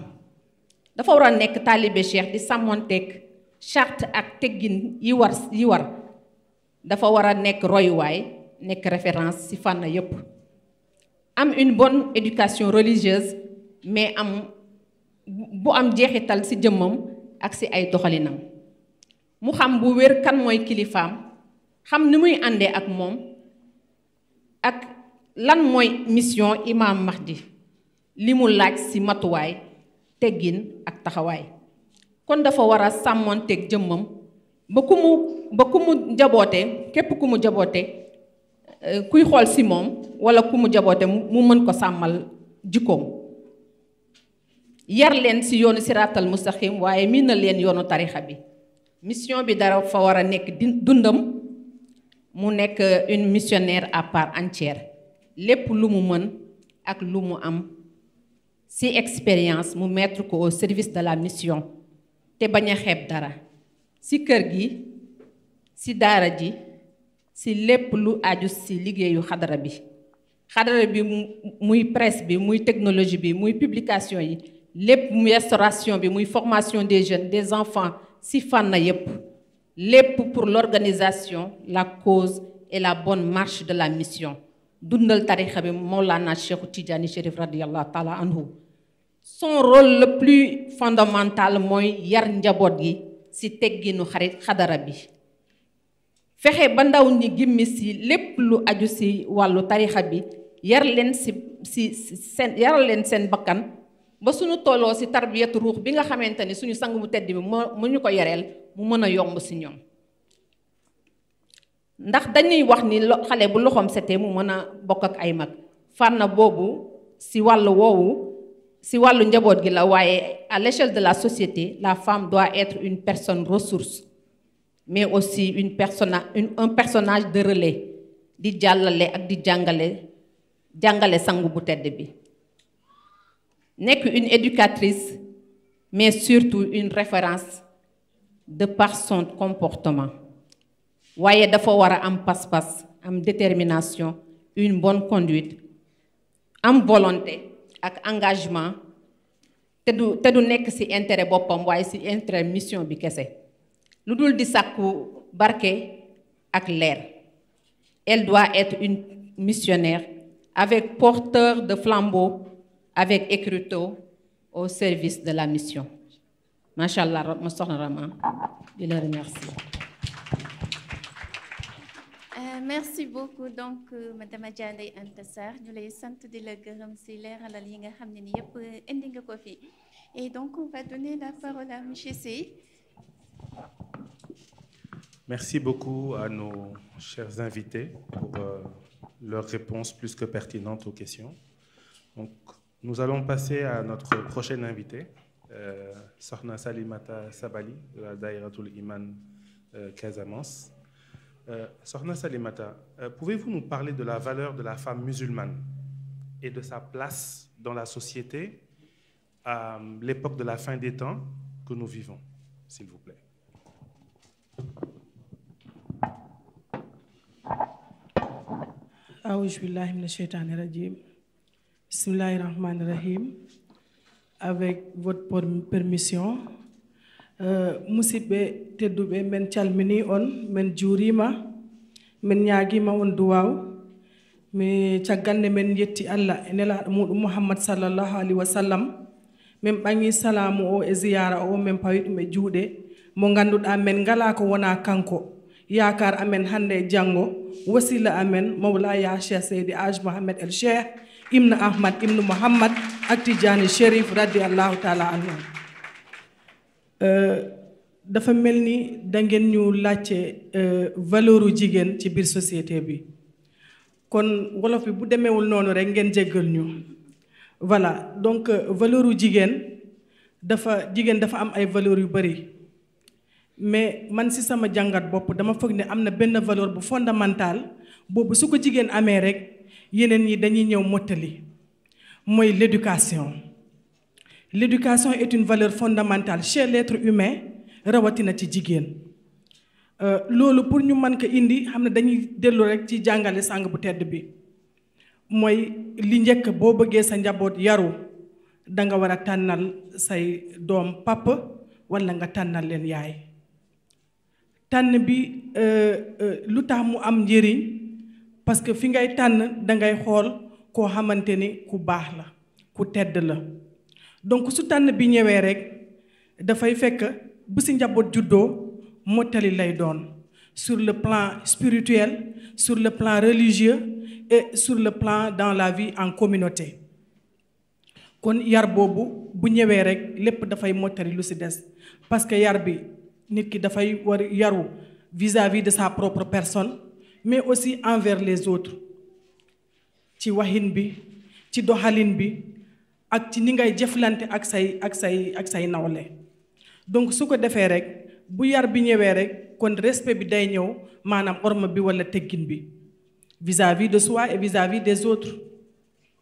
dafa war a nekk taalibe cheikh di sàmmonteeg charte ak teggin yi war yi war dafa war a nekk royuwaay nekk référence si fànn yépp am une bonne éducation religieuse mais am bu am jeexital ci jëmmam ak ci ay doxalinam mu xam bu wér kan mooy kilifaam xam ni muy àndee ak moom ak lan mooy mission imaam di li mu laaj ci matuwaay teggin ak taxawaay kon dafa war a sàmmoonteeg jëmmam ba ku mu ba ku mu jaboote képp ku mu jaboote eh, kuy xool ci moom walla ku mu jaboote mu mën ko sàmmal jikkoom yar leen si yoonu siraatal mustaqim waaye miinal leen yoonu tarixa bi mission bi dara fa war a nekk dundam mu nekk une missionnaire à part entière lépp lu mu mën ak lu mu am si expérience mu mettre ko au service de la mission te bañ a xeeb dara si kër gi si daara ji si lépp lu aju si liggéeyu xadara bi xadara bi muy presse bi muy technologie bi muy publication yi lépp mu restauration bi muy formation des jeunes des enfants si fànn yépp lépp pour l'organisation la cause et la bonne marche de la mission dundal tarixa bi Mawlana Cheikh Tidiane Chérif radiallahu taala anhu son rôle le plus fondamental mooy yar njaboot gi ci tegginu xarit xadara bi fexe ba ndaw ñi gémmisi lépp lu aju ci wàllu tarixa bi yar leen ci leen seen bakkan ba suñu tolloo si tarbiyatu ruux bi nga xamante ni suñu sang bu tedd bi moo mu ñu ko yareel mu mën a yomb si ñoom ndax dañuy wax ni xale bu loxoom setee mu mën a bokk ak ay mag fànn boobu si wàll woowu si wàllu njaboot gi la waaye à l'échelle de la société la femme doit être une personne ressource mais aussi une personna une un personnage de relais di jàllale ak di jàngale jàngale sangu bu tedd bi nekk une éducatrice mais surtout une référence de par son comportement waaye dafa war a am pas-pas am détermination une bonne conduite am volonté ak engagement te du te du nekk ci intérêt boppam waaye ci intérêt mission bi kese lu dul di sàkku barke ak leer elle doit être une missionnaire avec porteur de flambeau avec Écriteau au service de la mission macha allah ma soxna Rama di la remercier.
Euh, merci beaucoup donc euh, madame Diané Anta Sarr ñu lay sant di la gërëm ci leeralal yi nga xam ne ni yëpp euh, indi nga ko fi et donc on va donner la parole à monsieur Sey.
merci beaucoup à nos chers invités pour euh, leurs réponses plus que pertinentes aux questions donc Nous allons passer à notre prochaine invitée, euh, Sorna Salimata Sabali, de la Dairatul Iman euh, Casamance. Euh, Sorna Salimata, euh, pouvez-vous nous parler de la valeur de la femme musulmane et de sa place dans la société à euh, l'époque de la fin des temps que nous vivons, s'il vous plaît
Bismillahir Rahmanir Avec votre permission, euh, musidɓe tedduɓe min calmini on min juurima min ñaaguima on duwaw mi cagganɗe min yetti allah e muɗum mouhammad salamu o e ziyara o min pawi ɗum e juuɗe mo ganduɗa min ngala wona kanko yakar amen hannde e wasila amen mawla ya cheikh seydi age el cheikh ibnu ahmad ibnu muhammad ak tijaani shérif radiallahu taala anhu euh, dafa mel ni dangeen ñu laajte euh, valeuru jigéen ci biir société bi kon wolof bi bu demeewul noonu rek ngeen jéggal ñu voilà donc euh, valeuru jigéen dafa jigéen dafa am ay valeur yu bari mais man si sama jàngat bopp dama foog ni am na benn valeur bu fondamental boobu su ko jigéen amee rek yeneen yi dañuy ñëw mottali mooy l'éducation l'éducation est une valeur fondamentale chez l'être humain rawatina ci jigéen euh, loolu pour ñu mën ko indi xam ne dañuy dellu rek ci jàngale sàng bu tedd bi mooy li njëkk boo bëggee sa njaboot yaru da nga war a tànnal say doom papp walla nga tànnal leen yaay tànn bi euh, euh, lu tax mu am njëriñ parce que fi ngay tànn dangay xool koo xamante ni ku baax la ku tedd la donc su tànn bi ñëwee rek dafay fekk bu si njaboot juddoo mottali lay doon sur le plan spirituel sur le plan religieux et sur le plan dans la vie en communauté kon yar boobu bu ñëwee rek lépp dafay mottali lu si des parce que yar bi nit ki dafay war yaru vis-à-vis de sa propre personne mais aussi envers les autres ci waxin bi ci doxalin bi ak ci ni ngay jëflante ak say ak say ak say nawle donc su ko defee rek bu yar bi ñëwee rek kon respect bi day ñëw maanaam orma bi walla teggin bi vis-à-vis de soi et vis-à-vis des autres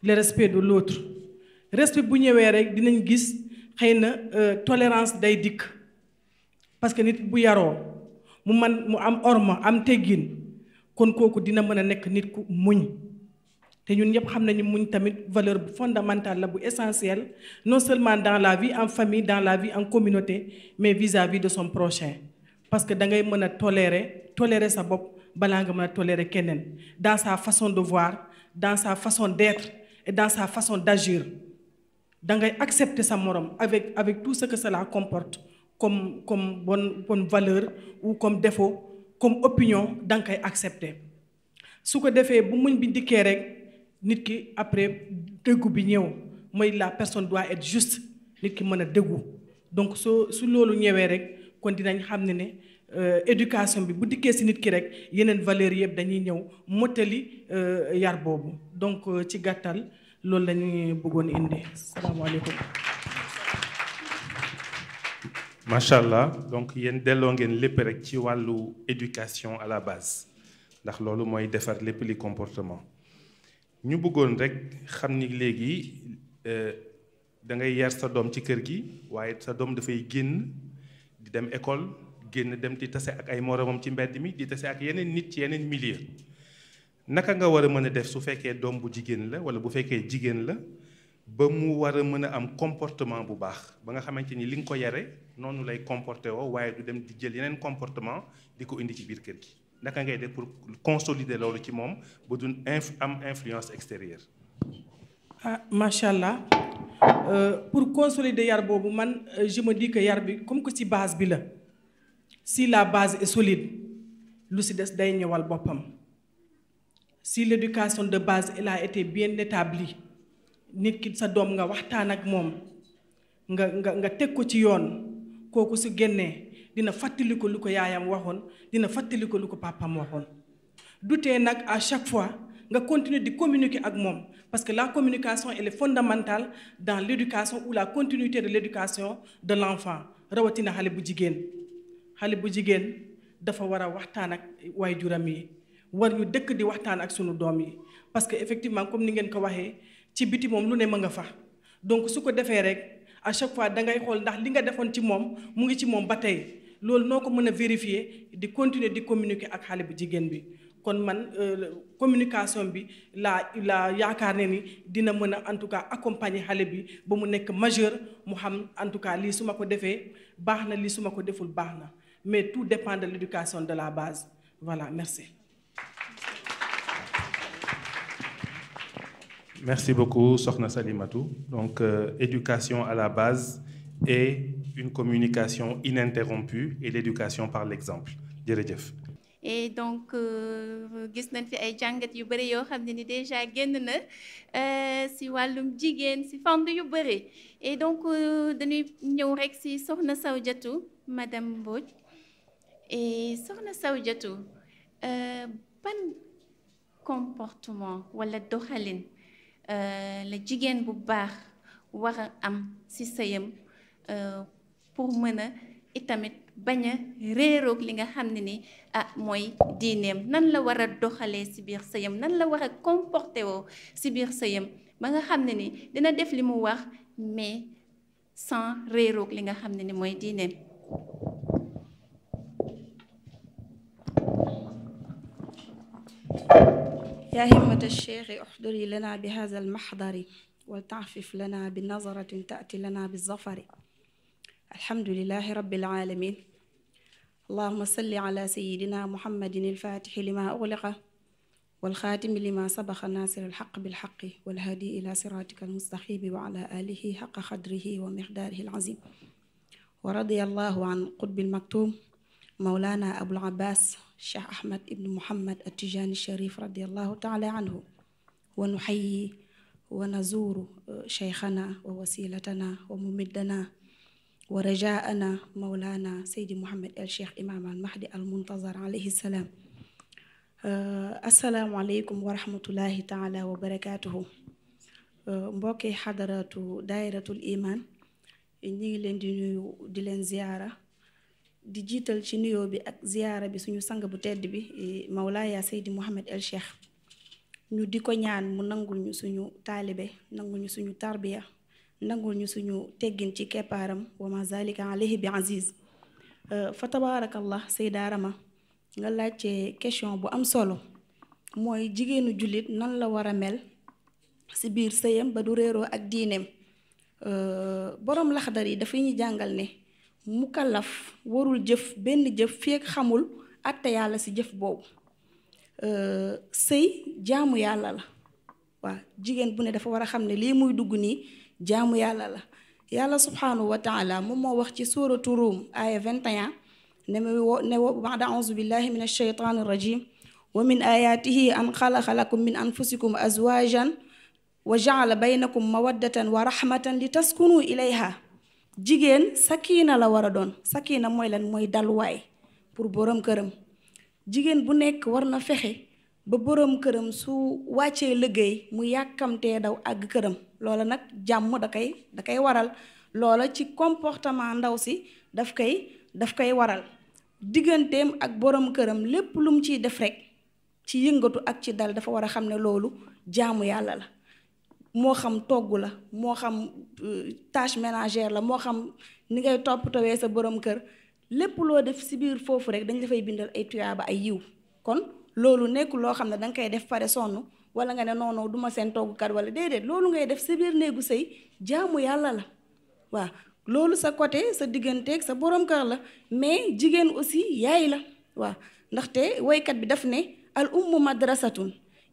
le respect de l'autre respect bu ñëwee rek dinañ gis xëy na euh, tolérance day dikk parce que nit bu yaroo mu man mu am orma am teggin kon kooku dina mën a nekk nit ku muñ te ñun ñëpp xam nañu muñ tamit valeur fondamentale la bu essentielle non seulement dans la vie en famille dans la vie en communauté mais vis-à-vis de some prochain parce que da ngay mën a tolérer tolérer sa bopp balaa nga mën a tolérer keneen dans sa façon de voir dans sa façon d'être et dans sa façon d'agir da ngay accepter sa moroom avec avec tout ce que comporte comme comme bon bonne valeur ou comme défaut comme opinion da nga koy accepté su ko defee bu muñ bi dikkee rek nit ki après dëggu bi ñëw mooy la personne doit être juste nit ki mën a dëggu donc soo su loolu ñëwee rek kon dinañ xam ne ne euh, éducation bi bu dikkee si nit ki rek yeneen valeurs yëpp dañuy ñëw mottali euh, yar boobu donc euh, ci gàttal loolu la ñu bëggoon indi salaamaaleykum
macha allah donc yéen delloo ngeen lépp rek ci wàllu éducation à la base ndax loolu mooy defar lépp li comportement ñu bëggoon rek xam ni léegi euh, da ngay yar sa doom ci kër gi waaye sa doom dafay génn di dem école génn dem di tase ak ay moromam ci mbedd mi di tase ak yeneen nit ci yeneen milieu naka nga war a mën a def su fekkee doom bu jigéen la wala bu fekkee jigéen la ba mu war a mën a am comportement bu baax ba nga xamante ni li nga ko yare noonu lay comporte woo waaye du dem di jël yeneen comportement di ko indi ci biir kër gi naka ngay def pour consolider loolu ci moom ba du am influence extérieure.
ah macha allah euh, pour consolider yar boobu man euh, je me yar bi comme que ci base bi la si la base et solide lu si des day ñëwal boppam si l'éducation de base elle a été bien établie. nit ki sa doom nga waxtaan ak moom nga nga nga teg ko ci yoon kooku su génnee dina fàttali ko lu ko yaayam waxoon dina fàttali ko lu ko papam waxoon dutee nag à chaque fois nga continuer di communiquer ak moom parce que la communication elle est fondamentale dans l'éducation ou la continuité de l'éducation de l'enfant rawatina xale bu jigéen xale bu jigéen dafa war a waxtaan ak waaye juram yi war ñu dëkk di waxtaan ak sunu doom yi parce que effectivement comme ni ngeen ko waxee ci biti moom lu ne ma nga fa donc su ko defee rek à chaque fois da ngay xool ndax li nga defoon ci moom mu ngi ci moom ba tey loolu noo ko mën a vérifier di continuer di communiquer ak xale bu jigéen bi kon man euh, communication bi laa laa yaakaar ne ni dina mën a en tout cas accompagner xale bi ba mu nekk majeur mu xam en tout cas lii su ma ko defee baax na lii su ma ko deful baax na mais tout dépend de l'éducation de la base voilà merci
Merci beaucoup, soxna Salimatou. Donc, euh, éducation à la base et une communication ininterrompue et l'éducation par l'exemple. jërëjëf.
et donc euh, gis nañ fi ay jàngat yu bëri yoo xam ne ni déjà génn na euh, si wàllum jigéen si fànn yu bëri et donc euh, dañuy ñëw rek si Soxna Sawjatu madame Mbodj et Soxna Sawjatu ban comportement wala doxalin. Euh, la jigéen bu baax war a am ci sëyam euh, pour mëna a itamit bañ a réeroog li nga xam ne ni ah mooy diineem nan la war a doxalee ci biir sëyam nan la war a comporté ci biir sëyam ba nga xam ne ni dina def li mu wax mais sans réeroog li nga xam ne ni mooy diineem yaa himmata
cheikhi uxduri lana bi haza almaxdari wal taafif lana bi nazaratin taati lana bi zafari alhamdulilahi rabbil alamin allahuma salli ala sayidina muhammadin alfatixi lima uxliqa walxaatimi lima sabaxa naasir alxaq bilxaqi walhadi ila siratika almustaxibi wa ala alihi xaqa xadrihi wa mixdaarihi alazim wa radiallahu an qutbi almaktum mawlana abul abbas cheikh ahmad ibnu muhammad atijani sharif radiallahu taala anhu wa nuxayi wa nazuuru cheikhana uh, wa wasilatana wa mumiddana wa rajaana maulana seydi muhammad el cheikh imam al mahdi al muntazar alayhi salaam uh, asalaamualeykum wa rahmatullahi taala wa barakaatuhu uh, mbokki xadaratu daayiratul iman ñi ngi leen di nuyu di leen ziyaara di jiital ci nuyoo bi ak ziyaara bi suñu sang bu tedd bi eh, Mawlaaya Seydi Mouhamed El Cheikh ñu di ko ñaan mu nangu ñu suñu taalibe nangul ñu suñu tarbiya nangul ñu suñu teggin ci keppaaram wa ma zalika alayhi bi aziz eh, fa tabaarakallah Seyda Rama nga laajte question bu am solo mooy jigéenu jullit nan la war a mel si biir sëyam ba du réeroo ak diineem eh, borom laxdar yi dafay ñu jàngal ne mukallaf warul jëf benn jëf feek xamul àtte yàlla si jëf boobu euh, sëy jaamu yàlla la waaw jigéen bu ne dafa war a xam ne lii muy dugg nii jaamu yàlla la yàlla subhaanahu wa taala moom moo wax ci suuratu Ruum aaya 21 ne mu wo ne wo bada auzu billahi min alsheytaani rajim wa min ayaatihi an xalaqa lakum min anfusikum azwajan wa jaala baynakum mawaddatan wa rahmatan li taskunu ilayha jigéen sa kiina la war a doon sakina mooy lan mooy dalwaay pour borom këram jigéen bu nekk war na fexe ba borom këram su wàccee liggéey mu yàkkamtee daw àgg këram loola nag jàmm da koy da koy waral loola ci comportement ndaw si daf koy daf koy waral digganteem ak borom këram lépp lu mu ciy def rekk ci yëngatu ak ci dal dafa war a xam ne loolu jaamu yàlla la moo xam togg la moo xam euh, tâche ménagère la moo xam ni ngay toppatawee sa borom kër lépp loo def si biir foofu rek dañ dafay bindal ay tuyaaba ay yiw kon loolu nekk loo xam ne danga koy def pare sonn wala nga ne noonu du ma seen toggukat wala déedéet loolu ngay def si biir néegu sëy jaamu yàlla la waaw loolu sa côté sa digganteeg sa borom kër la mais jigéen aussi yaay la waaw ndaxte woykat bi daf ne al ummu madrasatun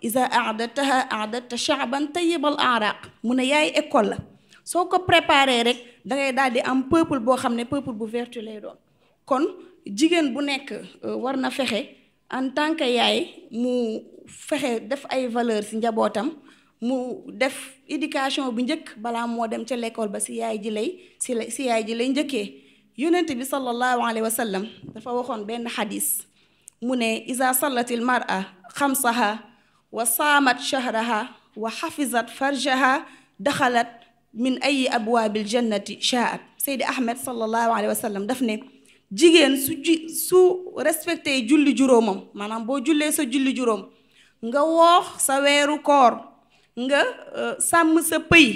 isa ahdataha ahdata shaaban tayyibal araq mu ne yaay école la soo ko préparé rek da ngay daal di am peuple boo xam ne peuple bu vertu lay doon kon jigéen bu nekk euh, war na fexe en tant que yaay mu fexe def ay valeur ci njabootam mu def éducation bu njëkk balaa moo dem ca lekkool ba si yaay ji lay si la si yaay ji lay njëkkee yonent bi sallallahu alayhi wa sallam dafa waxoon benn xadis mu ne isa sallatil mar'a xamsaha wa saamat shahraha wa xafizat farjaha daxalat min ay abwaabil jannati shaat Seydi Ahmed sallallahu alayhi wa sallam daf ne jigéen su ji su respecté julli juróomam maanaam boo jullee sa julli juróom nga woox sa weeru koor nga euh, sàmm sa pëy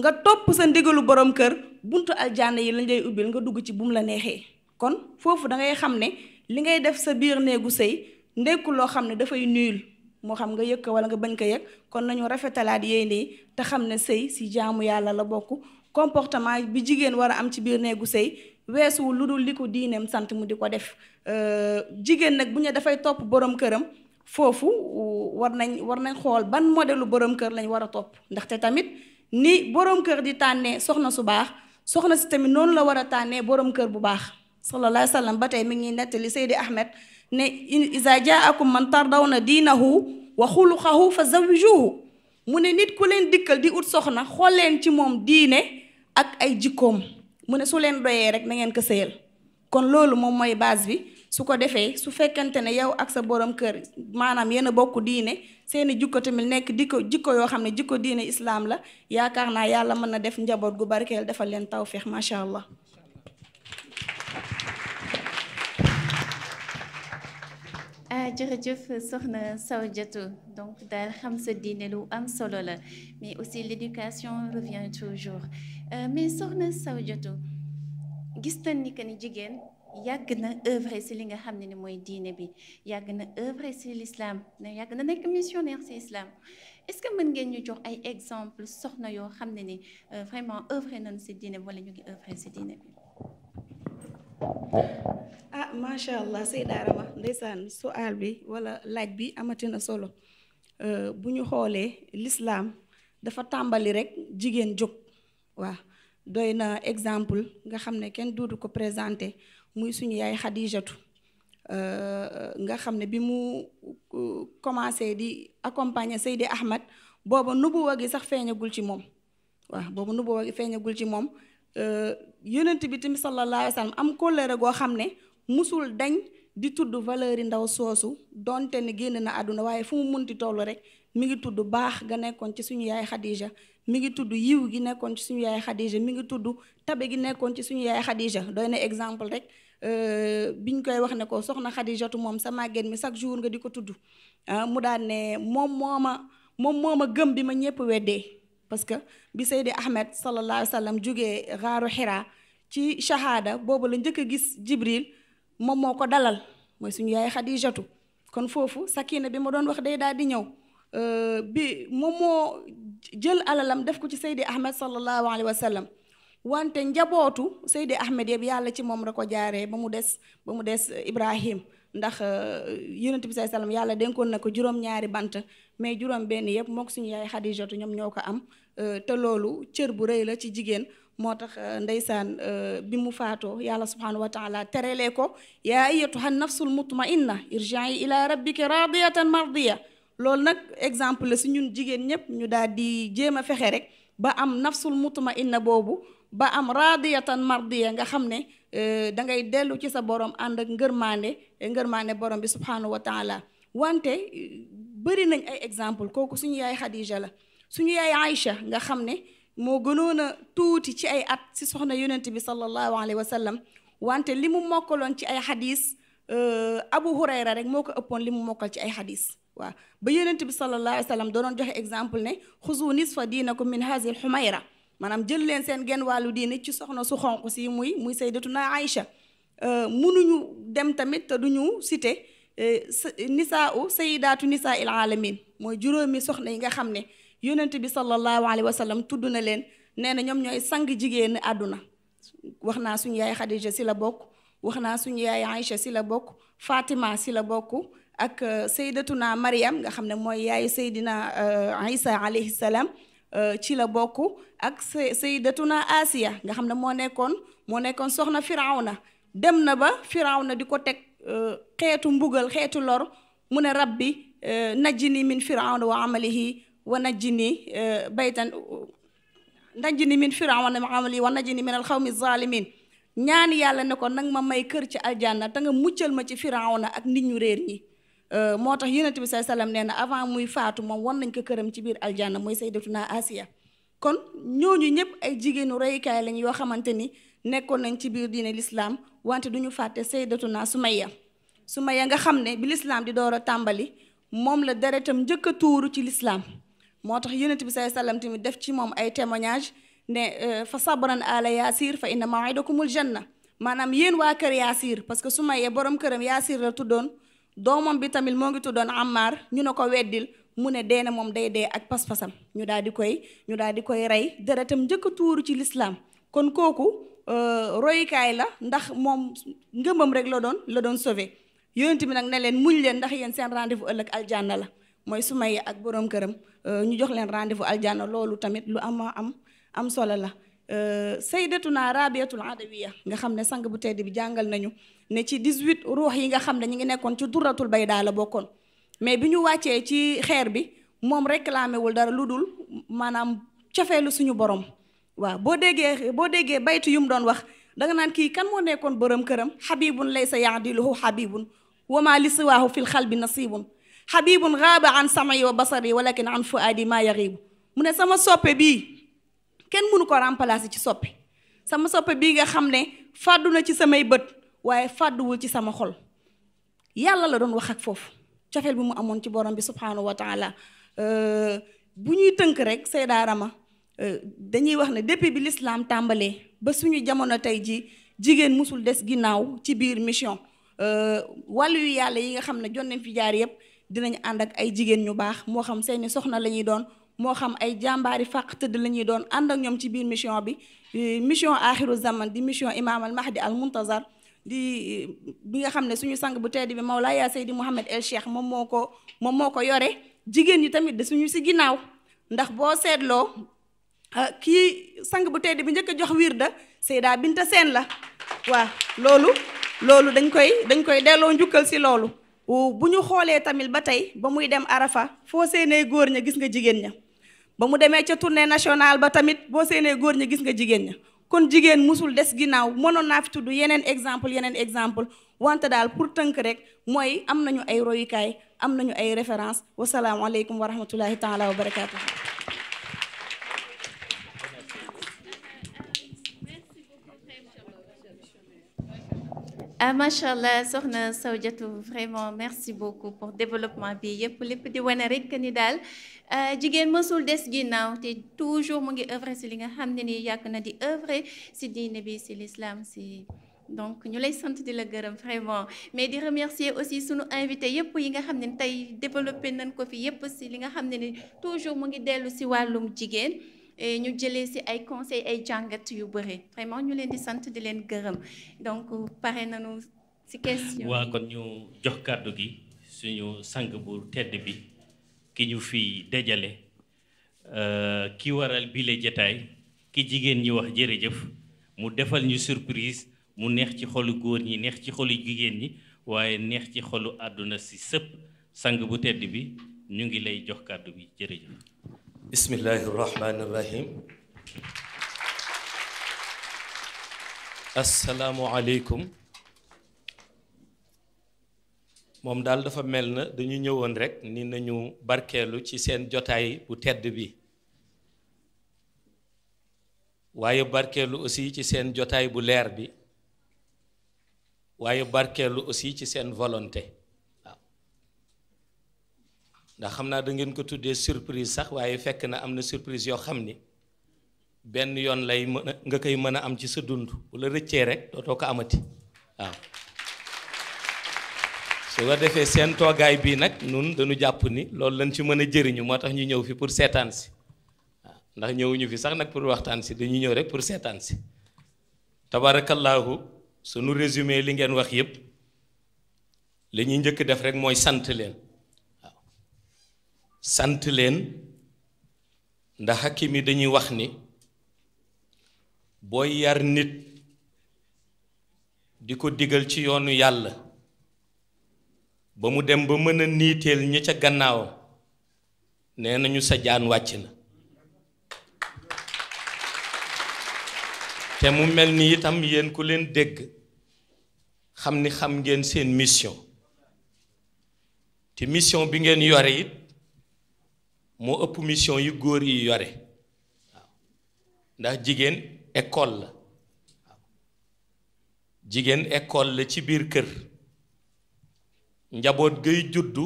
nga topp sa ndigalu borom kër buntu aljanna yi lañ lay ubbil nga dugg ci bu mu la neexee kon foofu da ngay xam ne li ngay def sa biir néegu sëy ndekku loo xam ne dafay nuyul moo xam nga yëg ko wala nga bañ ko yëg kon nañu rafetalaat yéene te xam ne sëy si jaamu yàlla la bokk comportement bi jigéen war a am ci biir néegu sëy weesu lu dul li ko diineem sant mu di ko def euh, jigéen nag bu ñu dafay topp borom këram foofu war nañ war nañ xool ban modelu borom kër lañ war a topp ndaxte tamit ni borom kër di tànnee soxna su baax soxna si tamit noonu la war a tànnee borom kër bu baax sallallahu alayhi sallam ba tey mi ngi nettali Seydi Ahmed ne isa jaakum man na tardawna diinahu wa xuluqahu fa zawijuhu mu ne nit ku leen dikkal di ut soxna xool leen ci moom diine ak ay jikkoom mu ne su leen doyee rek na ngeen ko sëyal kon loolu moom mooy base bi su ko defee su fekkante ne yow ak sa borom kër maanaam yenn a bokk diine seeni jikko tamit nekk di ko jikko yoo xam ne jikko diine islaam la yaakaar naa yàlla mën na def njaboot gu barkeel
defal leen tawféex macha allah ah jërëjëf soxna Sawdiatou donc daal xam sa diine lu am solo la mais aussi l'éducation revient toujours euh, mais soxna Sawdiatou gis nañ ni que ni jigéen yàgg na œuvre si li nga xam ne ni mooy diine bi yàgg na œuvre si l'islam na yàgg na nekk missionnaire si islam est-ce que mën ngeen ñu jox ay exemple soxna yoo xam ne ni euh, vraiment œuvre nañ si diine bi wala ñu ngi œuvre si diine bi ah
macha allah Seyda Rama ndeysaan sual bi wala laaj bi amatina solo euh, bu ñu xoolee lislaam dafa tàmbali rek jigéen jóg waaw doy na exemple nga xam ne kenn duutu ko présenté muy suñu yaay xadijatu euh, nga xam ne bi mu euh, commencé di accompagner Seydi Ahmad booba nubuwa gi sax feeñagul ci moom waaw booba nubuwa gi feeñagul ci moom Euh, yonent bi tamit sallallahu alayhi wa am kóllëre goo xam ne musul dañ di tudd valeur yi ndaw soosu donte ne génn na àdduna waaye fu mu munti toll rek mi ngi tudd baax nga nekkoon ci suñu yaay Xadija mi ngi tudd yiw gi nekkoon ci suñu yaay Xadija mi ngi tudd tabe gi nekkoon ci suñu yaay Xadija doy na exemple rek euh, biñ koy wax ne ko soxna Xadijatu moom sa màgget mi chaque jour nga di ko tudd ah, mu daan ne moom moo ma moom moo ma gëm bi ma ñëpp weddee parce que bi Seydi Ahmed sallallahu alayhi wa sallam jugee xaaru xiraa ci shahada boobu la njëkk a gis Jibril moom moo ko dalal mooy suñu yaay Xadijatu kon foofu sakina bi ma doon wax day daal di ñëw euh, bi moom moo jël alalam def ko ci Seydi Ahmed sallallahu alayhi wa sallam wante njabootu Seydi Ahmed yëpp yàlla ci moom la ko jaaree ba mu des ba mu des Ibrahim ndax euh, yonent bi saay salaam yàlla denkoon na ko juróom-ñaari bant mais juróom benn yëpp mook suñu yaay Xadijatu ñoom ñoo ko am euh, te loolu cër bu rëy la ci jigéen moo tax euh, ndeysaan bi mu faatoo yàlla subhaanahu wa taala terelee ko yaa ayyatuha nafsul mutmainna irjai ila rabbiki radiyatan mardiya loolu nag exemple si ñun jigéen ñëpp ñu daal di jéem a fexe rek ba am nafsul mutmainna boobu ba am radiyatan mardiya nga xam ne Eh, da ngay dellu ci sa borom ànd ak ngërmaande eh, ngërmaande borom bi subhanahu wa taala wante eh, bëri nañ ay exemple kooku suñu yaay Khadija la suñu yaay Aïcha nga xam ne moo gënoon a tuuti ci ay at si soxna yonent bi sallallahu alayhi wa sallam wante li mu mokkaloon ci ay xadis Abu Hurayra rek moo ko ëppoon li mu mokkal ci ay xadis waaw ba yonent bi sallallahu alayhi wa sallam doonoon joxe exemple ne xuzu nisfa diinakum min hazihi al xumayra maanaam jël leen seen genn wàllu diine ci soxna su xonq si muy muy sayyidatuna Aïcha euh, munuñu dem tamit te ñu cité euh, nisaa u sayidatu nisaa il alamin mooy juróomi soxna yi nga xam ne yonent bi sallallahu alayhi wa sallam tudd na leen nee na ñoom ñooy sang jigéen àdduna wax naa suñu yaay Xadija si la bokk wax naa suñu yaay Aïcha si la bokk Fatima si la bokk ak euh, saydatuna Mariam nga xam ne mooy yaayu saydina Isa alayhi salaam Euh, ci la bokk ak sayyidatuna Asiya nga xam ne moo nekkoon moo nekkoon soxna Firawna dem na ba Firawna di ko teg euh, xeetu mbugal xeetu lor mu ne rabbi euh, najjini min Firawna wa amalihi wa najjini baytan najjini min Firawna wa amalihi wa najjini min alxawmi zalimin ñaan yàlla ne ko nag ma may kër ci aljanna te nga muccal ma ci Firawna ak nit ñu réer yi Euh, moo tax yonent bi sallallahu alayhi wasallam nee na avant muy faatu moom won nañ ko këram ci biir aljanna mooy naa Asiya kon ñooñu ñëpp ay jigéenu reyukaay lañ yoo xamante ni nekkoon nañ ci biir diine lislaam wante du ñu fàtte sayyidatuna Sumayya Sumayya nga xam ne bi lislaam di door a tàmbali moom la deretam njëkk a tuuru ci lislaam moo tax yonent bi sallallahu alayhi wasallam def ci moom ay témoignage ne euh, fa sabran ala yaasir fa inna maw'idakumul janna maanaam yéen waa kër yaasir parce que Sumayya borom këram yaasir la tuddoon doomam bi tamit moo ngi tuddoon Ammar ñu ne ko weddil mu ne dee na moom day dee ak pas-pasam ñu daal di koy ñu daal di koy rey deretam njëkk a tuuru ci lislaam kon kooku euh, royukaay la ndax moom ngëmbam rek la doon la doon sauver yonent bi nag ne leen muñ leen ndax yéen seen rande fu ëllëg aljanna la mooy Sumayya ak boroom këram euh, ñu jox leen rendez-vous aljanna loolu tamit lu am am am solo la euh, sayyidatuna Rabiatul Adawiya nga xam ne sang bu tedd bi jàngal nañu ne ci 18 ruux yi nga xam ne ñu ngi nekkoon ci duratul baydaa la bokkoon mais bi ñu wàccee ci xeer bi moom réclamé wul dara lu dul maanaam lu suñu borom waaw boo déggee boo déggee baytu yu mu doon wax danga naan kii kan moo nekkoon borom këram xabibun laysa yaadiluhu xabibun wama li siwaahu fil xalbi nasibun xabibun gaaba an samay wa basari walakin an fuaadi maa yaxibu mu ne sama soppe bii kenn munu ko remplacer ci soppe sama soppe bii nga xam ne fàddu na ci samay bët waaye fàdduwul ci sama xol yàlla la doon wax ak foofu cofeel bi mu amoon ci borom bi subhaanahu wa taala euh, bu ñuy tënk rek Seyda Rama euh, dañuy wax ne depuis bi lislaam tàmbalee ba suñu jamono tey ji jigéen mosul des ginnaaw ci biir mission euh, wàllu yu yàlla yi nga xam ne jon nañ fi jaar yëpp dinañ ànd ak ay jigéen ñu baax moo xam seeni soxna la ñuy doon moo xam ay jàmbaari fàq tëdd la ñuy doon ànd ak ñoom ci biir mission bi mission axiru zaman di mission imam al mahdi al muntazar di bi nga xam ne suñu sang bu tedd bi Mawlaaya Seydi Mouhamed El Cheikh moom moo ko moom moo ko yore jigéen ñi tamit de suñu si ginnaaw ndax boo seetloo ah, kii sang bu tedd bi njëkk a jox wirda Seyda Binta Seen la waa loolu loolu dañ koy dañ koy delloo njukkal si loolu bu ñu xoolee tamit ba tey ba muy dem Arafa foo seenee góor ña gis nga jigéen ña ba mu demee ca tournée national ba tamit boo seenee góor ña gis nga jigéen ña kon jigéen mosul des ginnaaw mënoon naa fi tudd yeneen exemple yeneen exemple wante daal pour tënk rek mooy am nañu ay royukaay am nañu ay référence wasalaamaaleykum wa rahmatullahi
taala wa barakaatu. ah macha allah soxna Sawdiatou vraiment merci beaucoup pour développement bi yëpp lépp di wane rek ni daal ah, jigéen mësul des ginnaaw te toujours mu ngi œuvre si li nga xam ne ni yàgg na di œuvre si diine bi si lislaam si. donc ñu lay sant di la gërëm vraiment mais di remercier aussi sunu invité yëpp yi nga xam ne tey développé nañ ko fi yëpp si li nga xam ne ni toujours mu ngi dellu si wàllum jigéen. ñu jëlee si ay conseil ay jàngat yu bëri vraiment ñu leen di sant di leen gërëm donc pare nañu si question waa
kon ñu jox kàddu gi suñu sang bu tedd bi ki ñu fi dajale euh, ki waral bile jataay ki jigéen ñi wax jërëjëf mu defal ñu surprise mu neex ci xolu góor ñi neex ci xolu jigéen ñi waaye neex ci xolu àdduna si sëpp sang bu tedd bi ñu ngi lay jox kàddu bi jërëjëf
bismillahi rahmaani rahim asalaamualeykum moom daal dafa mel na dañu ñëwoon rek ni nañu barkeelu ci seen jotaay bu tedd bi waaye barkeelu aussi ci seen jotaay bu leer bi waaye barkeelu aussi ci seen volonté ndax xam naa da ngeen ko tuddee surprise sax waaye fekk na am na surprise yoo xam ni benn yoon lay mën nga koy mën a am ci sa dund bu la rëccee rek dootoo ko amati waaw su ko defee seen toogaay bii nag nun dañu jàpp ni loolu lañ ci mën a jëriñu moo tax ñu ñëw fi pour seetaan si waaw ndax ñëwuñu fi sax nag pour waxtaan si dañu ñëw rek pour seetaan si tabaarakallaahu sunu résumé li ngeen wax yépp li ñuy njëkk def rek mooy sant leen sant leen ndax hakim yi dañuy wax ni booy yar nit di ko digal ci yoonu yàlla ba mu dem ba mën a niiteel ñi ca gannaawam nee nañu sa jaan wàcc na te mu mel ni itam yéen ku leen dégg xam ni xam ngeen seen mission te mission bi ngeen yore it moo ëpp mission yu góor yi yore waaw ndax jigéen ekool la waaw jigéen ekool la ci biir kër njaboot gay juddu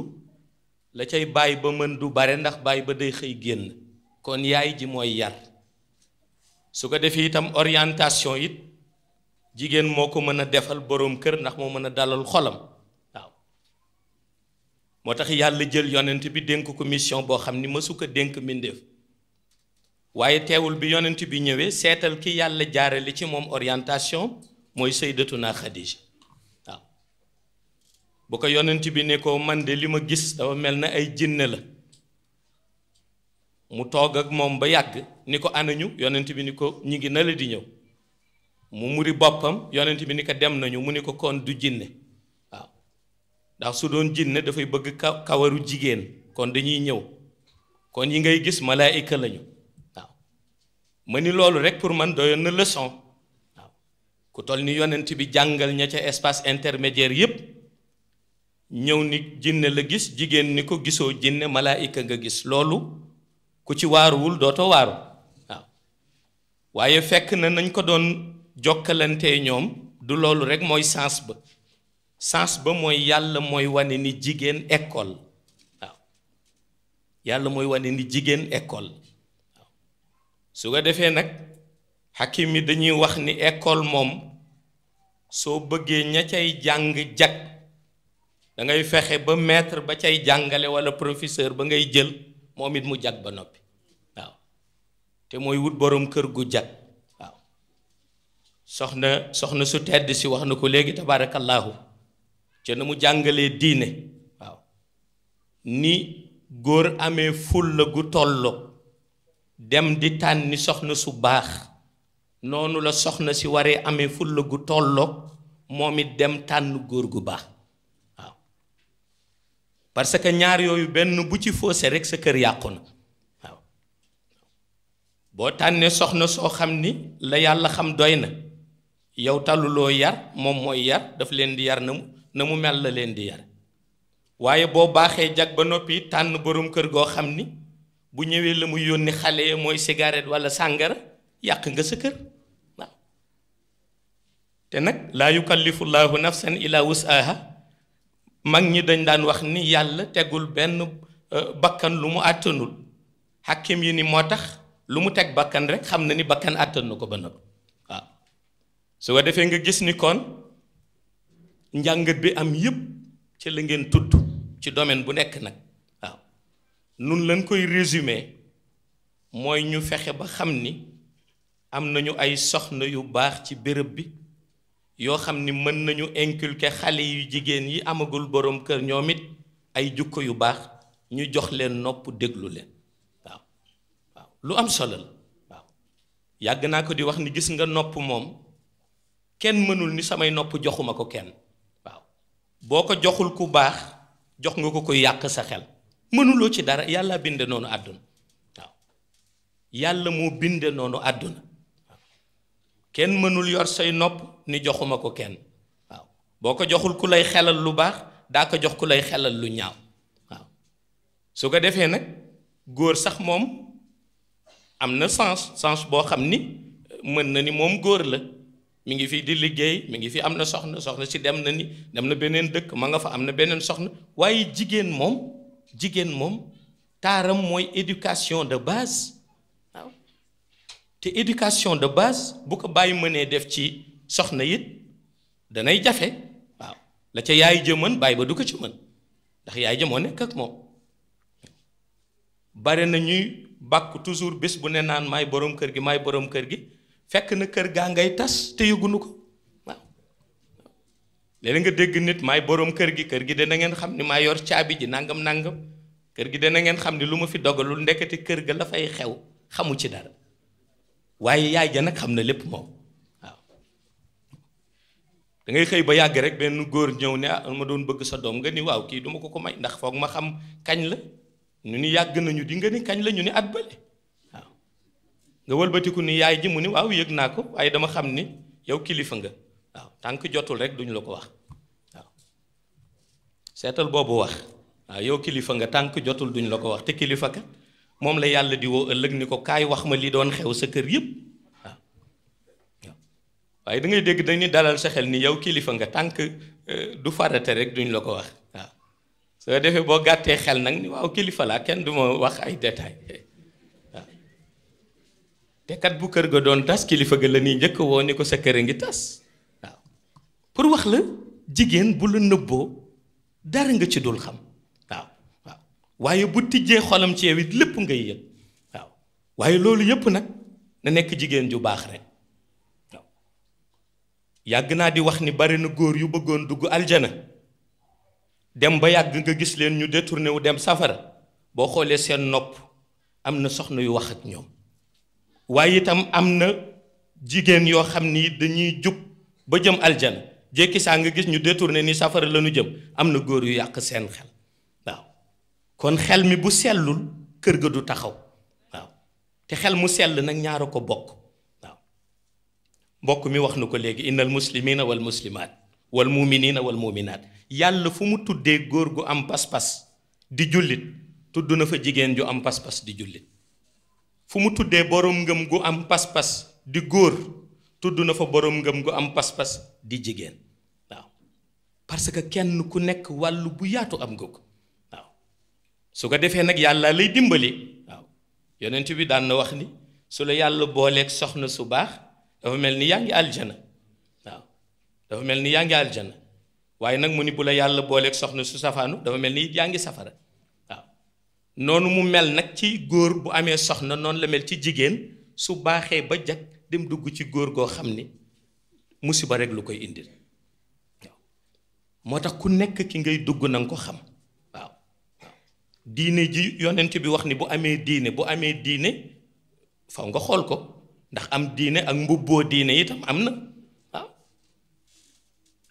la cay baay ba mën du bare ndax baay ba day xëy génn kon yaay ji mooy yar su ko defee itam orientation it jigéen moo ko mën a defal boroom kër ndax moo mën a dalal xolam moo tax yàlla jël yonent bi dénk ko mission boo xam ni ma ko dénk mbindéef waaye teewul bi yonent bi ñëwee seetal ki yàlla jaarale ci moom orientation mooy sayyidatuna Xadija waaw bu ko yonent bi ne ko man de li ma gis dafa mel na ay jinne la mu toog ak moom ba yàgg ni ko anañu yonent bi ni ko ñi ngi na di ñëw mu muri boppam yonent bi ni ko dem nañu mu ni ko kon du jinne ndax su doon jinne dafay bëgg ka kawaru jigéen kon dañuy ñëw kon yi ngay gis malaayika lañu waaw ma ni loolu rek pour man doyoon na leçon waaw ku toll ni yonent bi jàngal ña ca espace intermédiaire yépp ñëw ni jinne la gis jigéen ni ko gisoo jinne malaayika nga gis loolu ku ci waaruwul dooto waaru waaw waaye fekk na nañ ko doon jokkalantee ñoom du loolu rek mooy sens ba sens ba mooy yàlla mooy wane ni jigéen école waaw yàlla mooy wane ni jigéen école waaw su ko defee nag xakim yi dañuy wax ni école moom soo bëggee ña cay jàng jag da fexe ba maître ba cay jàngale walla professeur ba ngay jël moom it mu jag ba noppi waaw te mooy wut boroom kër gu jag waaw soxna soxna su tedd si wax na ko léegi tabaarakallaahu ca na mu jàngalee diine waaw ni góor amee fulla gu tollu dem di tànni soxna su baax noonu la soxna si waree amee fulla gu tolloog moom it dem tànn góor gu baax waaw parce que ñaar yooyu benn bu ci faussé rek sa kër yàqu na waaw boo tànnee soxna soo xam ni la yàlla xam doy na yow taluloo yar moom mooy yar daf leen di yar na na mu mel la leen di yar waaye boo baaxee jag ba noppi tànn boroom kër goo xam ni bu ñëwee la muy yónni xale mooy cigarette walla sàngara yàq nga sa kër te nag laa yukallifu llaahu nafsan ila wus'aha mag ñi dañ daan wax ni yàlla tegul benn euh, bakkan lu mu àttanul xàkkim yi ni moo tax lu mu teg bakkan rek xam na ni bakkan àttan na ko ba noppi waaw su ko defee nga gis ni kon njàngat bi am yépp ci la ngeen tudd ci domaine bu nekk nag waaw nun lañ koy résumer mooy ñu fexe ba xam ni am nañu ay soxna yu baax ci bërëb bi yoo xam ni mën nañu inculquer xale yu jigéen yi amagul boroom kër ñoom it ay jukko yu baax ñu jox leen nopp déglu leen waaw waaw lu am solo la waaw yàgg naa ko di wax ni gis nga nopp moom kenn mënul ni samay nopp joxuma ko kenn boo ko joxul ku baax jox nga ko koy yàq sa xel mënuloo ci dara yàlla binde noonu àdduna waaw yàlla moo binde noonu àdduna kenn mënul yor say nopp ni joxuma ko kenn waaw boo ko joxul ku lay xelal lu baax daa ko jox ku lay xelal lu ñaaw waaw su ko defee nag góor sax moom am na sens sens boo xam ni mën na ni moom góor la mi ngi fii di liggéey mi ngi fii am na soxna soxna si dem na ni dem na beneen dëkk ma nga fa am na beneen soxna waaye jigéen moom jigéen moom taaram mooy éducation de base te éducation de baas bu ko bàyyi mënee def ci soxna it danay jafe waaw la ca yaay ja mën bàyyi ba du ko ci mën ndax yaay ja moo nekk ak moom bare na ñuy bàkk toujours bés bu ne naan maay borom kër gi may borom kër gi fekk na kër gaa ngay tas te yëgunu ko waaw nga dégg nit maay boroom kër gi kër gi de na xam ni maa yor caabi ji nangam nangam kër gi de na ngeen xam ni lu ma fi dogalul ndeketi kër ga la fay xew xamu ci dara waaye yaay ja nag xam na lépp moom waaw da xëy ba yàgg rek benn góor ñëw ne ah ma doon bëgg sa doom nga ni waaw kii duma ko ko may ndax foog ma xam kañ la ñu ni yàgg nañu di nga ni kañ la ñu ni at bële nga walbatiku ni yaay ji mu ni waaw yëg naa ko waaye dama xam ni yow kilifa nga waaw tànk jotul rek duñ la ko wax waaw seetal boobu wax waaw yow kilifa nga tànk jotul duñ la ko wax te kilifa moom la yàlla di woo ëllëg ni ko kaay wax ma li doon xew sa kër yëpp waaye da ngay dégg dañuy dalal sa xel ni yow kilifa nga tànk euh, du farate rek duñ la ko wax waaw soo defee boo gàttee xel nag ni waaw kilifa laa kenn du ma wax ay détails te kat bu kër ga doon tas kilifa gi la nii njëkk woo ni ko sa kër a ngi tas waaw pour wax la jigéen bu la nëbboo dara nga ci dul xam waaw waaw waaye bu tijjee xolam ci it lépp ngay yëg waaw waaye loolu yépp nag na nekk jigéen ju baax rek waaw yàgg naa di wax ni bari na góor yu bëggoon dugg aljana dem ba yàgg nga gis leen ñu détourné wu dem safara boo xoolee seen nopp am na soxna yu wax ak ñoom waaye itam am na jigéen yoo xam ni dañuy jub ba jëm aljana jekki saa nga gis ñu détourné ni safara la ñu jëm am na góor yu yàq seen xel waaw kon xel mi bu sellul kër ga du taxaw waaw te xel mu sell nag ñaara ko bokk waaw mbokk mi wax na ko léegi innal muslimina wal muslimaat wal muminina wal muminaat yàlla fu mu tuddee góor gu am pas-pas di jullit tudd na fa jigéen ju am pas-pas di jullit fu mu tuddee borom ngëm gu am pas-pas di góor tudd na fa borom ngëm gu am pas-pas di jigéen waaw parce que kenn ku nekk wàll bu yaatu am nga ko waaw su ko defee nag yàlla lay dimbali waaw yonent bi daan wax ni su la yàlla booleeg soxna su baax dafa mel ni yaa ngi aljana mel ni yaa ngi waaye nag mu ni bu la yàlla booleeg soxna su safaanu dafa mel ni yaa ngi safara noonu mu mel nag ci góor bu amee soxna noonu la mel ci jigéen su baaxee ba jag dem dugg ci góor goo xam ni musiba rek lu koy indil waaw moo tax ku nekk ki ngay dugg na ko xam waaw diine ji yonent bi wax ni bu amee diine bu amee diine faw nga xool ko ndax am diine ak mbubboo diine itam am na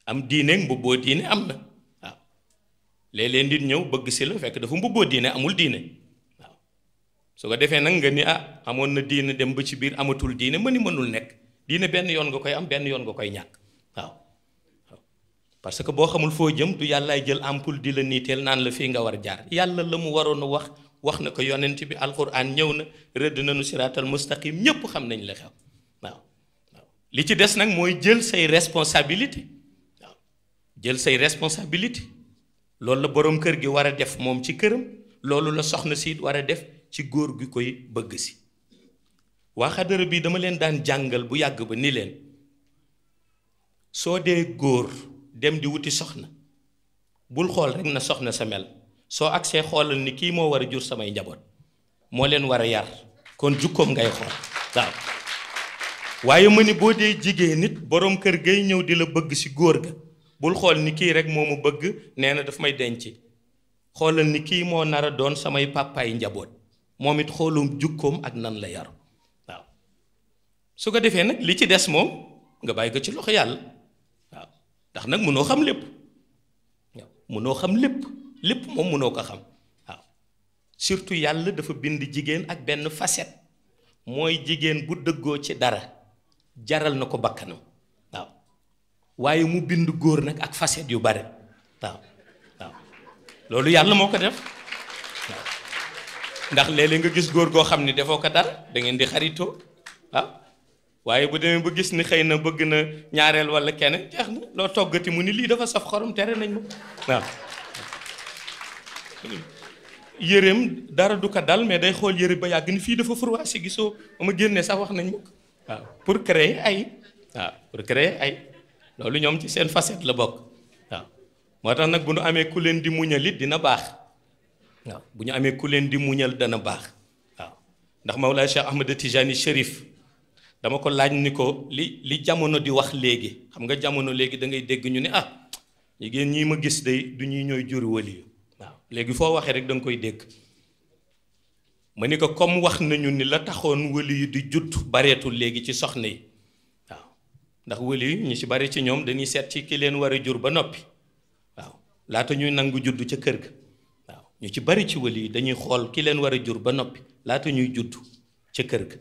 am diine ak mbubboo diine am na léeg-léeg nit ñëw bëgg si la fekk dafa mbubboo diine amul diine waaw su ko defee nag nga ni ah amoon na diine dem ba ci biir amatul diine ma ni mënul nekk diine benn yoon nga koy am benn yoon nga koy ñàkk waaw que boo xamul foo jëm du yàllaay jël ampoule di la niiteel naan la fii nga war jaar yàlla la mu waroon a wax wax na ko yonent bi alquran ñëw na rëdd nañu siraatal mustaqim ñépp xam nañ la xew waaw li ci des nag mooy jël say responsabilité waaw jël say responsabilité loolu la boroom kër gi war a def moom ci këram loolu la soxna siit war a def ci góor gi koy bëgg si waa xadara bii dama leen daan jàngal bu yàgg ba ni leen soo dee góor dem di wuti soxna bul xool rekk na soxna sa mel soo agsee xoolal ni kii moo war a jur samay njaboot moo leen war a yar kon jukkoom ngay xool waaye ma ni boo dee jigéen nit boroom kër gay ñëw di la bëgg si góor ga bul xool ni kii rek moo mu bëgg nee na dafa may denc xoolal ni kii moo nar a doon samay pàppaay njaboot moom it xoolum jukkoom ak nan la yar waaw su ko defee nag li ci des moom nga bàyyi ko ci loxo yàlla waaw ndax nag mënoo xam lépp waaw mënoo xam lépp lépp moom mënoo ko xam waaw surtout yàlla dafa bind jigéen ak benn facette mooy jigéen bu dëggoo ci dara jaral na ko bakkanam waaye mu bind góor nag ak facette yu bare waaw loolu yàlla moo ko def waaw ndax léeg-léeg nga gis góor goo xam ni defoo ko dara dangeen di xaritoo waaw waaye bu demee ba gis ni xëy na bëgg na ñaareel wala keneen jeex na loo toggati mu ni lii dafa saf xorom tere nañ ma waaw yéreem dara du ko dal mais day xool yére ba yàgg ni fii dafa si gisoo ma génnee sax wax nañ ma waaw pour créer ay waaw pour créer ay loolu ñoom ci seen facette la bokk waaw moo tax nag bu ñu amee ku leen di muñal it dina baax waaw bu ñu amee ku leen di muñal dana baax waaw ndax Mawlaay Cheikh Ahmad Tijani Chérif dama ko laaj ni ko li li jamono di wax léegi xam nga jamono léegi da ngay dégg ñu ne ah jigéen ñii ma gis day du ñuy ñooy juri waliyu waaw léegi foo waxee rek danga koy dégg ma ni ko comme wax nañu ni la taxoon waliyu di judd bareetul léegi ci soxna yi ndax wëli ñu ci bari ci ñoom dañuy seet ci ki leen war a jur ba noppi waaw laata ñuy nangu juddu ca kër ga waaw ñu ci bari ci wëli yi dañuy xool ki leen war a jur ba noppi laata ñuy juddu ca kër ga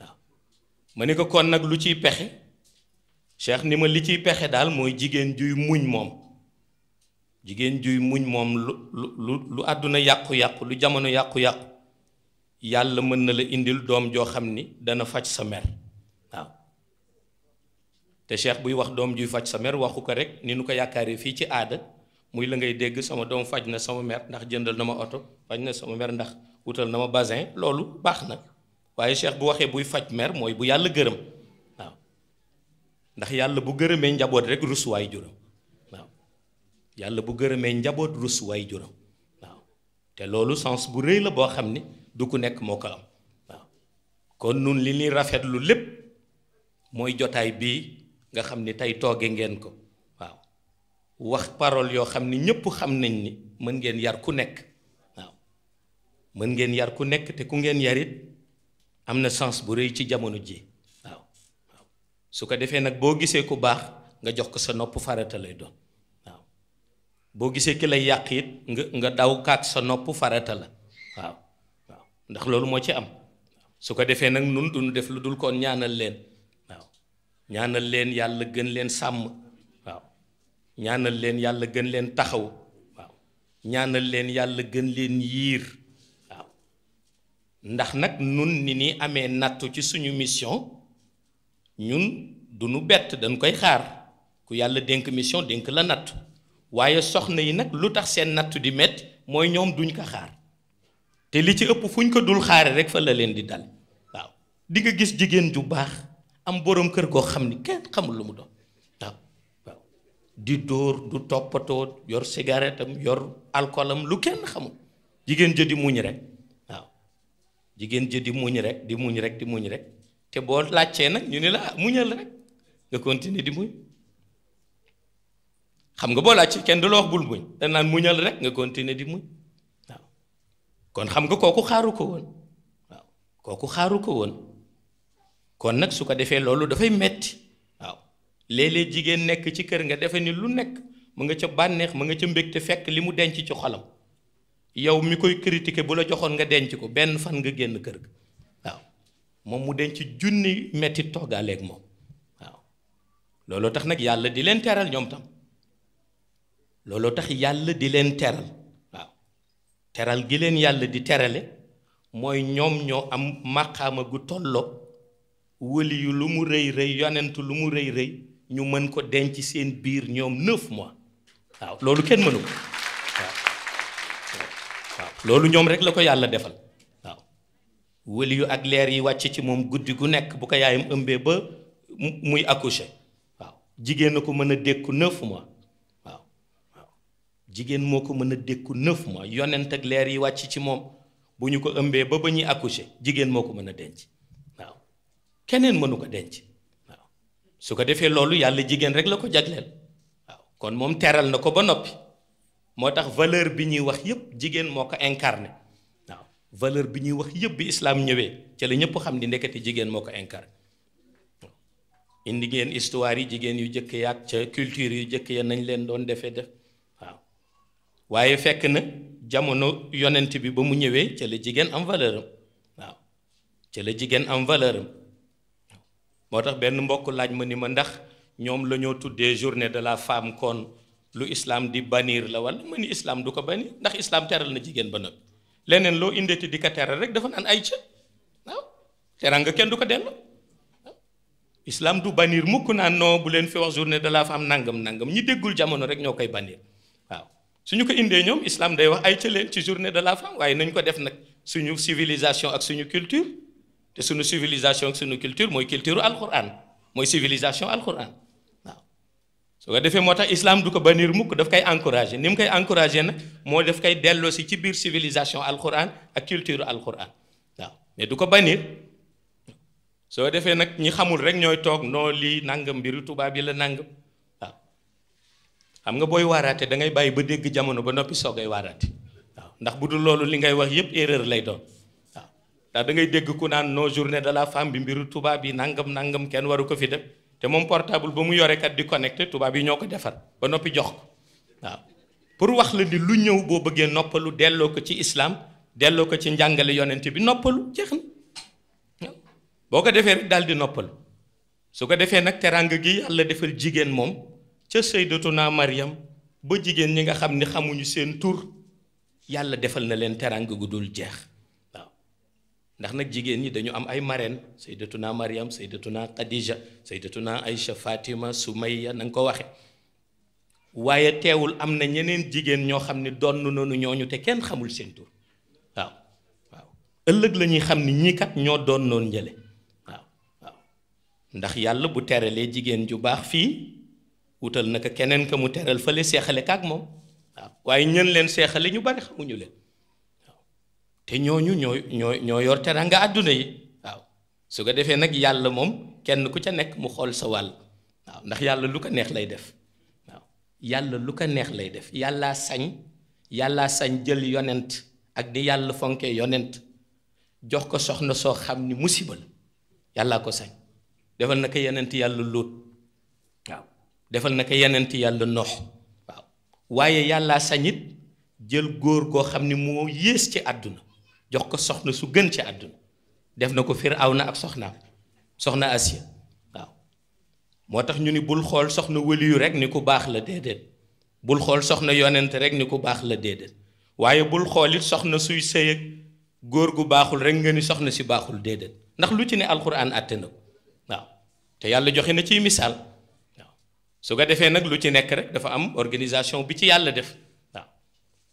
waaw ma ne ko kon nag lu ciy pexe cheikh ni ma li ciy pexe daal mooy jigéen juy muñ moom jigéen juy muñ moom lu lu lu àdduna yàqu-yàqu lu jamono yàqu-yàqu yàlla mën na la indil doom joo xam ni dana faj sa mer te cheikh buy wax doom juy faj sa mer waxu ko rek ni nu ko yaakaaree fii ci aada muy la ngay dégg sama doom faj na sama mer ndax jëndal na ma oto faj na sama mer ndax wutal na ma basin loolu baax na waaye cheikh bu waxee buy faj mer mooy bu yàlla gërëm waaw ndax yàlla bu gërëmee njaboot rek rus waay juram waaw bu gërëmee njaboot rus waay juram te loolu sens bu rëy la boo xam ne du ku nekk moo ko am waaw kon nun li ñuy rafetlu lépp mooy jotaay bii nga xam ni tey tooge ngeen ko waaw wax parole yoo xam ni ñépp xam nañ ni mën ngeen yar ku nekk waaw mën ngeen yar ku nekk te ku ngeen yarit am na sens bu rëy ci jamono ji waaw su ko defee nag boo gisee ku baax nga jox ko sa nopp farata lay doon boo gisee ki lay yàq it nga nga daw kaak sa nopp farata la waaw waaw ndax loolu moo ci am su ko defee nag nun duñu def lu dul koon ñaanal leen ñaanal leen yàlla gën leen sàmm waaw ñaanal leen yàlla gën leen taxaw waaw ñaanal leen yàlla gën leen yiir waaw ndax nag nun ni ni amee nattu ci suñu mission ñun du nu bett dañ koy xaar ku yàlla dénk mission dénk la nattu waaye soxna yi nag lu tax seen nattu di metti mooy ñoom duñ ko xaar te li ci ëpp fuñ ko dul xaare rek fa la leen di dal waaw di gis jigéen ju baax am boroom kër koo xam ni kenn xamul lu mu doon waaw waaw di dóor du toppatoo yor cigarette yor alcool lu kenn xamul jigéen jë di muñ rek waaw jigéen ja di muñ rek di muñ rek di muñ rek te boo laajtee nag ñu ne la ah, muñal rek nga continuer di muñ xam nga boo laajtee kenn du la wax bul muñ da naan rek nga di muñ waaw kon xam nga kooku xaaru ko woon waaw kooku xaaru ko woon. kon nag su ko defee loolu dafay metti waaw léeg-léeg jigéen nekk ci kër nga defe ni lu nekk mu nga ca bànneex mu nga ca te fekk li mu denc ci xolam yow mi koy critiquer bu la joxoon nga denc ko benn fan nga génn kër gi waaw moom mu denc junni metti toggaaleeg moom waaw looloo tax nag yàlla di leen teral ñoom tam looloo tax yàlla di leen teral waaw teral gi leen yàlla di terale mooy ñoom ñoo am màqaama gu tolloo wëli lu mu rëy rëy yonent lu mu rëy rëy ñu mën ko denc seen biir ñoom neuf mois
waaw loolu kenn mënu ko
waaw loolu ñoom rek la ko yàlla defal waaw wëli yu ak leer yi wàcc ci moom guddi gu nekk bu ko yaayam ëmbee ba muy accoucher waaw jigéen na ko mën a dékku neuf mois moo ko mën a dékku neuf mois yonent ak leer yi wàcc ci moom bu ñu ko ëmbee ba ba ñuy accoucher jigéen moo ko mën a denc keneen mënu ko denc waaw su ko defee loolu yàlla jigéen rek la ko jagleel waaw kon moom teral na ko ba noppi moo tax valeur bi ñuy wax yépp jigéen moo ko incarné waaw valeur bi ñuy wax yépp bi islaam ñëwee ca la ñëpp xam ni ndekete jigéen moo ko incarné indi ngeen histoire yi jigéen yu jëkk yaat ca culture yu jëkk ya nañ leen doon defee def waaw waaye fekk na jamono yonent bi ba mu ñëwee ca la jigéen am valeur am waaw ca la jigéen am valeur am moo tax benn mbokk laaj ma ni ma ndax ñoom la ñoo tuddee journée de la femme kon lu islaam di baniir la wala ma ni islaam du ko bannir ndax islam teral na jigéen ba noppi leneen loo indeeti di ko rek dafa naan ay ca waaw teranga kenn du ko dellu islam du bannir mukk naan non bu leen fi wax journée de la femme nangam nangam ñi déggul jamono rek ñoo koy bannir waaw ñu ko indee ñoom islam day wax ay ca leen ci journée de la femme waaye nañ ko def nag suñu civilisation ak suñu culture te suñu civilisation ak suñu culture mooy culture alquran mooy civilisation alquran waaw su ko defee moo tax islaam du ko baniir mukk daf koy encouragé ni mu koy encouragé nag moo daf koy delloo si ci biir civilisation alquran ak culture alquran waaw mais du ko bannir soo defee nag ñi xamul rek ñooy toog noo lii nangam mbiru tubaab yi la nang waaw xam nga booy waaraate da ngay bàyyi ba dégg jamono ba noppi soogay waaraate waaw ndax bu dul loolu li ngay wax yépp erreur lay doon. ndax ngay dégg ku naan noo journée de la femme bi mbiru tubaab yi nangam nangam kenn waru ko fi def te moom portable ba mu yore kat di connecté tubaab yi ñoo ko defar ba noppi jox ko waaw pour wax la ni lu ñëw boo bëggee noppalu delloo ko ci islaam delloo ko ci njàngale yonent bi noppalu
jeex na
boo ko defee rek daal di noppalu su ko defee nag terang gi yàlla defal jigéen moom ca Sayyidatuna Maryam ba jigéen ñi nga xam ni xamuñu seen tur yàlla defal na leen teraanga gu dul jeex. ndax nag jigéen ñi dañu am ay marraines sayyidatuna Mariam sayyidatuna Khadija sayyidatuna Aïcha Fatima Soumayya na nga ko waxe waaye teewul am na ñeneen jigéen ñoo xam ne donn noonu ñooñu te kenn xamul seen tur waaw waaw ëllëg la xam ni ñii kat ñoo doon noonu njële
waaw waaw
ndax yàlla bu teralee jigéen ju baax fii wutal naka keneen ka mu teral fële seexale kaak moom waaw waaye ñën leen seexale ñu bari xamuñu leen. te ñooñu ñoo ñoo ñoo yor teranga àdduna yi waaw su ko defee nag yàlla moom kenn ku ca nekk mu xool sa wàll waaw ndax yàlla lu ko neex lay def yàlla lu ko neex lay def yàllaa sañ yàlla sañ jël yonent ak di yàlla fonkee yonent jox ko soxna soo xam ni musiba la yàlla ko sañ defal na ko yonent yàlla lóot waaw defal na ko yonent yàlla noox waaw waaye yàlla sañit jël góor goo xam ni moo yées ci àdduna jox ko soxna su gën ci àdduna def na ko Firawna ak soxnaam soxna Asiya waaw moo tax ñu ni bul xool soxna wëliyu rek ni ku baax la déedéet bul xool soxna yonent rek ni ku baax la déedéet waaye bul xool it soxna suy sëy góor gu baaxul rek nga ni soxna si baaxul déedéet ndax lu ci ne alxuraan àtte na ko waaw te yàlla joxe na ciy misaal waaw su ko defee nag lu ci nekk rek dafa am organisation bi ci yàlla def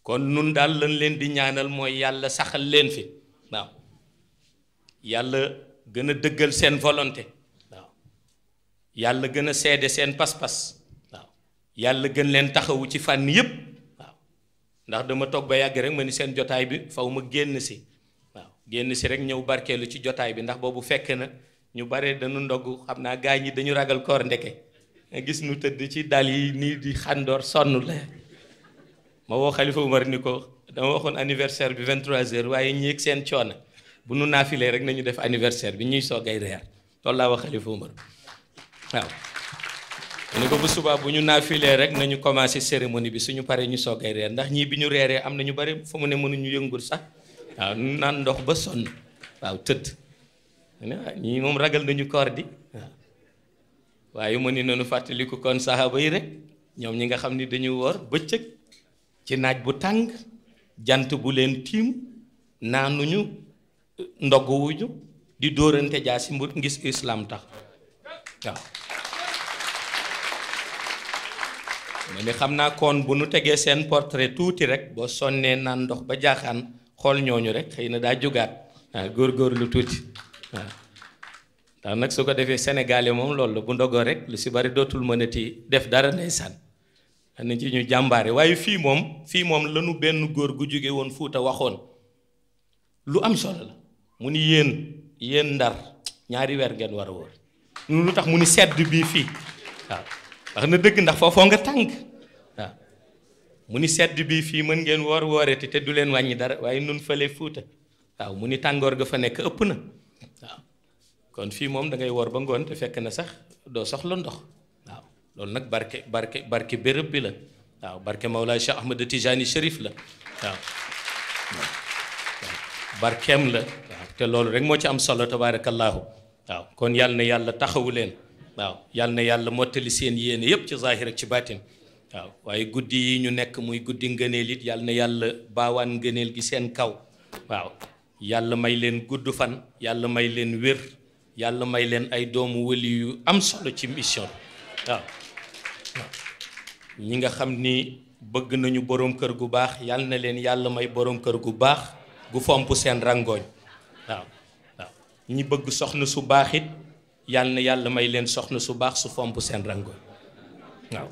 kon nun daal lañ leen di ñaanal mooy yàlla saxal leen fi waaw yàlla gën a dëggal seen volonté waaw yàlla gën a seede seen pas-pas waaw yàlla gën leen taxawu ci fànn yépp waaw ndax dama toog ba yàgg rek ma ni seen jotaay bi faw ma génn si waaw génn si rek ñëw barkeelu ci jotaay bi ndax boobu fekk na ñu bare dañu ndogg xam naa gaa ñi dañu ragal koor ndeke nga gis nu tëdd ci dal yi nii di xàndoor sonn la ma woo Khalifa Umar ni ko dama waxoon anniversaire bi 23h waaye ñi ak seen coono bu nu naafilee rek nañu def anniversaire bi ñuy soog ay reer loolu laa wax Khalifa Umar waaw. ni ko bu subaa bu ñu rek nañu commencé cérémonie bi suñu paree ñu soog ay reer ndax ñii bi ñu reeree na ñu bari fa mu ne mënuñu yëngul sax waaw naan ndox ba sonn waaw tëdd ah, ñii moom ragal nañu koor di waaw. waaye mu ni noonu fàttaliku kon saxaaba yi rek ñoom ñi nga xam ni dañu woor bëccëg. ci naaj bu tàng jant bu leen tiim naanuñu ndogguwuñu di dóorante jaa si mbur ngis islam tax waaw mu ni xam naa kon bu nu tegee seen portrait tuuti rek boo sonnee naan ndox ba jaaxaan xool ñooñu rek xëy na daa jógaat waaw góor-góor lu tuuti waaw ndax nag su ko defee sénégalais moom loolu la bu ndogoo rek lu si bari dootul mënati def dara ndeysaan am na ci ñu jàmbaare waaye fii moom fii moom lanu benn góor gu jóge woon Fuuta waxoon lu am solo la mu ni yéen yéen ndar ñaari weer ngeen war a lu tax mu ni sedd bii fii waaw wax na dëgg ndax foofoo nga tàng waaw mu ni sedd bii fii mën ngeen woor woorete te du leen wàññi dara waaye nun fële Fuuta waaw mu ni tàngoor gafa nekk ëpp na waaw kon fii moom dangay wor ba ngoon te fekk na sax doo soxla ndox loolu nag barke barke barke béréb bi la waaw barke Mawlaay Cheikh Ahmed Tijani Chérif la waaw barkeem la te loolu rek moo ci am solo tabaarakallaahu waaw kon yàlla na yàlla taxawu leen waaw yal na yàlla mottali seen yéene yëpp ci zaahir ci baatin waaw waaye guddi yi ñu nekk muy guddi ngëneel it yal na yàlla baawaan ngëneel di seen kaw waaw yàlla may leen gudd fan yàlla may leen wér yàlla may leen ay doomu wëli yu am solo ci mission waaw ñi nga xam ni bëgg nañu borom kër gu baax yal na leen yàlla may borom kër gu baax gu fomp seen rangooñ waaw waaw ñi bëgg soxna su baax it yal na yàlla may leen soxna su baax su fomp seen rangooñ waaw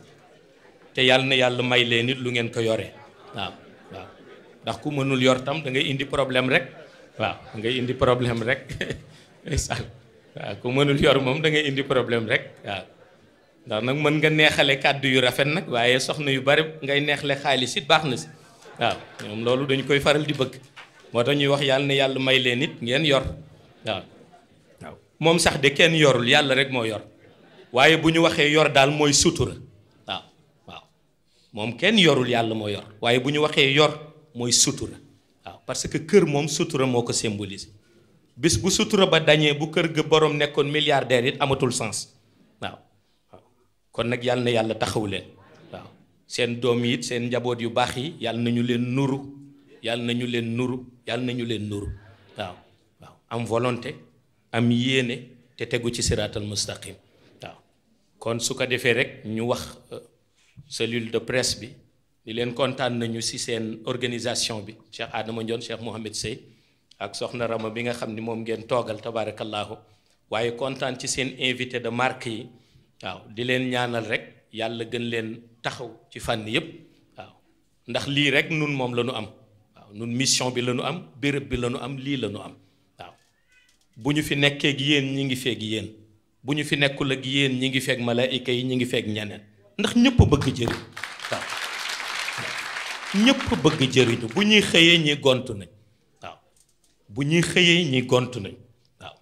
te yal na yàlla may leen it lu ngeen ko yore waaw waaw ndax ku mënul yor tam dangay indi problème rek waaw da ngay indi problème rek waaw ku mënul yor moom dangay indi problème rek waaw. ndax nag mën nga neexale kàddu yu rafet nag waaye soxna yu bari ngay neexle xaalis it baax na si waaw ñoom loolu dañu koy faral di bëgg moo dañuy wax yàlla na yàlla may leen it ngeen yor waaw waaw moom sax de kenn yorul yàlla rek moo yor waaye bu ñu waxee yor daal mooy sutura waaw waaw kenn yorul yàlla moo yor waaye bu ñu waxee yor mooy sutura waaw parce que kër moom sutura moo ko symbolise bis bu sutura ba dañee bu kër ga borom nekkoon milliardaire it amatul sens kon nag yàlla na yàlla taxawu leen waaw seen doom yit seen njaboot yu baax yi yàlla na ñu leen nuru yàlla na ñu leen nuru yàlla na leen nuru waaw waaw am volonté am yéene te tegu ci siraatal mustaqim waaw kon su ko defee rek ñu wax euh, cellule de presse bi ni leen kontaan nañu ci seen organisation bi Cheikh Adama Ndione Cheikh Mouhamed Sey ak soxna Rama bi nga xam ni moom ngeen toogal tabaarakallaahu waaye kontaan ci seen invité de marque yi waaw di leen ñaanal rek yàlla gën leen taxaw ci fànn yépp waaw ndax lii rek nun moom la am waaw nun mission bi la am béréb bi la am lii la ñu am waaw bu ñu fi nekkee ak yéen ñi ngi feeg yéen bu ñu fi nekkul ak yéen ñi ngi feeg malaayika yi ñi ngi feeg ñeneen ndax ñëpp bëgg jëriñ waaw ñëpp bëgg jëriñu bu ñuy xëyee ñi gont nañ waaw bu ñuy xëyee ñi gont nañ waaw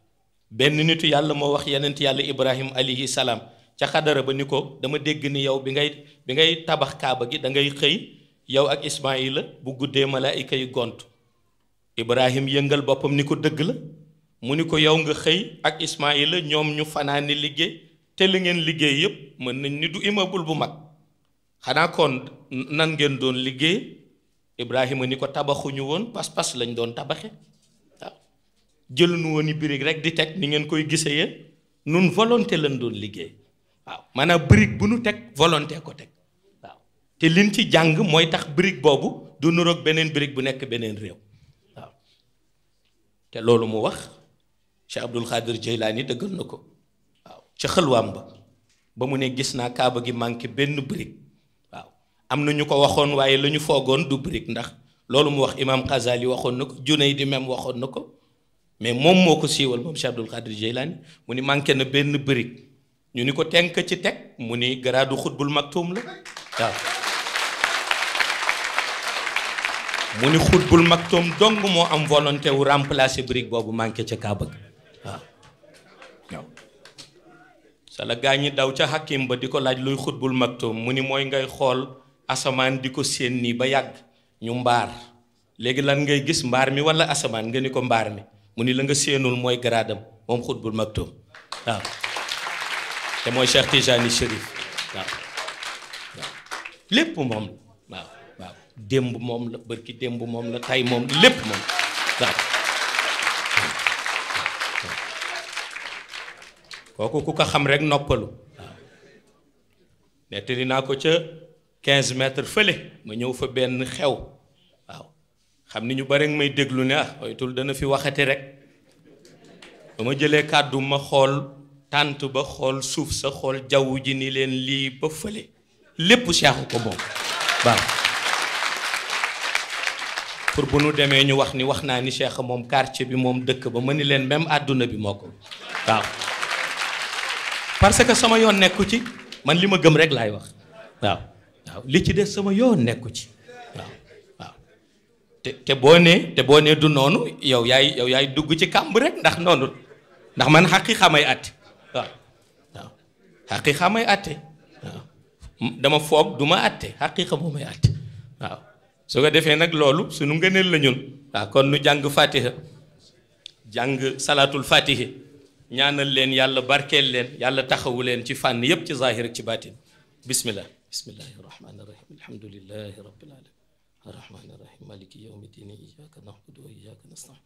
benn nitu yàlla moo wax yeneen yàlla Ibrahim alayhi salaam ca xadara ba ni ko dama dégg ni yow bi ngay bi ngay tabax kaaba gi dangay xëy yow ak ismaila bu guddee malaayika yi gont ibrahim yëngal boppam ni ko dëgg la mu ni ko yow nga xëy ak ismaila ñoom ñu fanaani liggéey te li ngeen liggéey yépp mën nañ ni du imagul bu mag xanaa kon nan ngeen doon liggéey ibrahima ni ko tabaxuñu woon pas-pas lañ doon tabaxe waaw jëluñu woon i birig rek di teg ni ngeen koy gise yéen nun volonté lañ doon liggéey waaw maanaam brique bu nu teg volonté ko teg waaw te liñ ci jàng mooy tax brique boobu du nuroog beneen brique bu nekk beneen réew waaw te loolu mu wax Cheikh Abdul Xaadir Jeylaani dëggal na ko waaw ca xëlwaam ba ba mu ne gis naa kaaba gi manqué benn brique waaw am na ñu ko waxoon waaye la ñu foogoon du brique ndax loolu mu wax imaam Xazali waxoon na ko Junayd di même waxoon na ko mais moom moo ko siiwal moom Cheikh Abdul Xaadir Jeylaani mu ni manqué na benn brique ñu ni ko tenk ci teg mu ni garaadu xutbul maktuum la waaw mu ni xutbul maktuum dong moo am volonté wu remplacer brique boobu manqué ca Kaaba ga waaw sala gaa ñi daw ca Hakim ba di ko laaj luy xutbul maktuum mu ni mooy ngay xool asamaan di ko séen nii ba yàgg ñu mbaar léegi lan ngay gis mbaar mi wala asamaan nga ni ko mbaar mi mu ni la nga séenul mooy garaadam moom xutbul maktuum waaw te mooy Cheikh Tijani Chérif waaw lépp moom la waaw waaw démb moom la bërki démb moom la tay moom lépp moom kooku ku ko xam rekk noppalu waaw nettali naa ko ca 15 mètres fële ma ñëw fa benn xew waaw xam ni ñu bare may déglu ne ah oytul dana fi waxati rek ba ma jëlee kàddu ma xool tànt ba xool suuf sa xool jawwu ji ni leen lii ba fële lépp seexu ko moom waaw pour bu nu demee ñu wax ni wax naa ni cheikh moom quartier bi moom dëkk ba ma ni leen même àdduna bi moo ko waaw parce que sama yoon nekku ci man li ma gëm rek laay wax waaw waaw li ci des sama yoon nekku ci
waaw waaw
te te boo nee te boo nee du noonu yow yaay yow yaay dugg ci kàmb rek ndax noonu ndax man xaqi xamay at waaw waaw xaqiiqa may àtte waaw dama foog duma ma àtte xaqiiqa moo may àtte waaw su ko defee nag loolu suñu ngëneel la ñun waaw kon nu jàng fatiha jàng salaatul fatihi ñaanal leen yàlla barkeel leen yàlla taxawu leen ci fànn yépp ci zahir ak ci baatin bismillah bismillahi rahmaani rahim alhamdulillahi rabbil alamin arrahmaani rahim maliki yawmi dini iyaka nahbudu wa iyaka nastain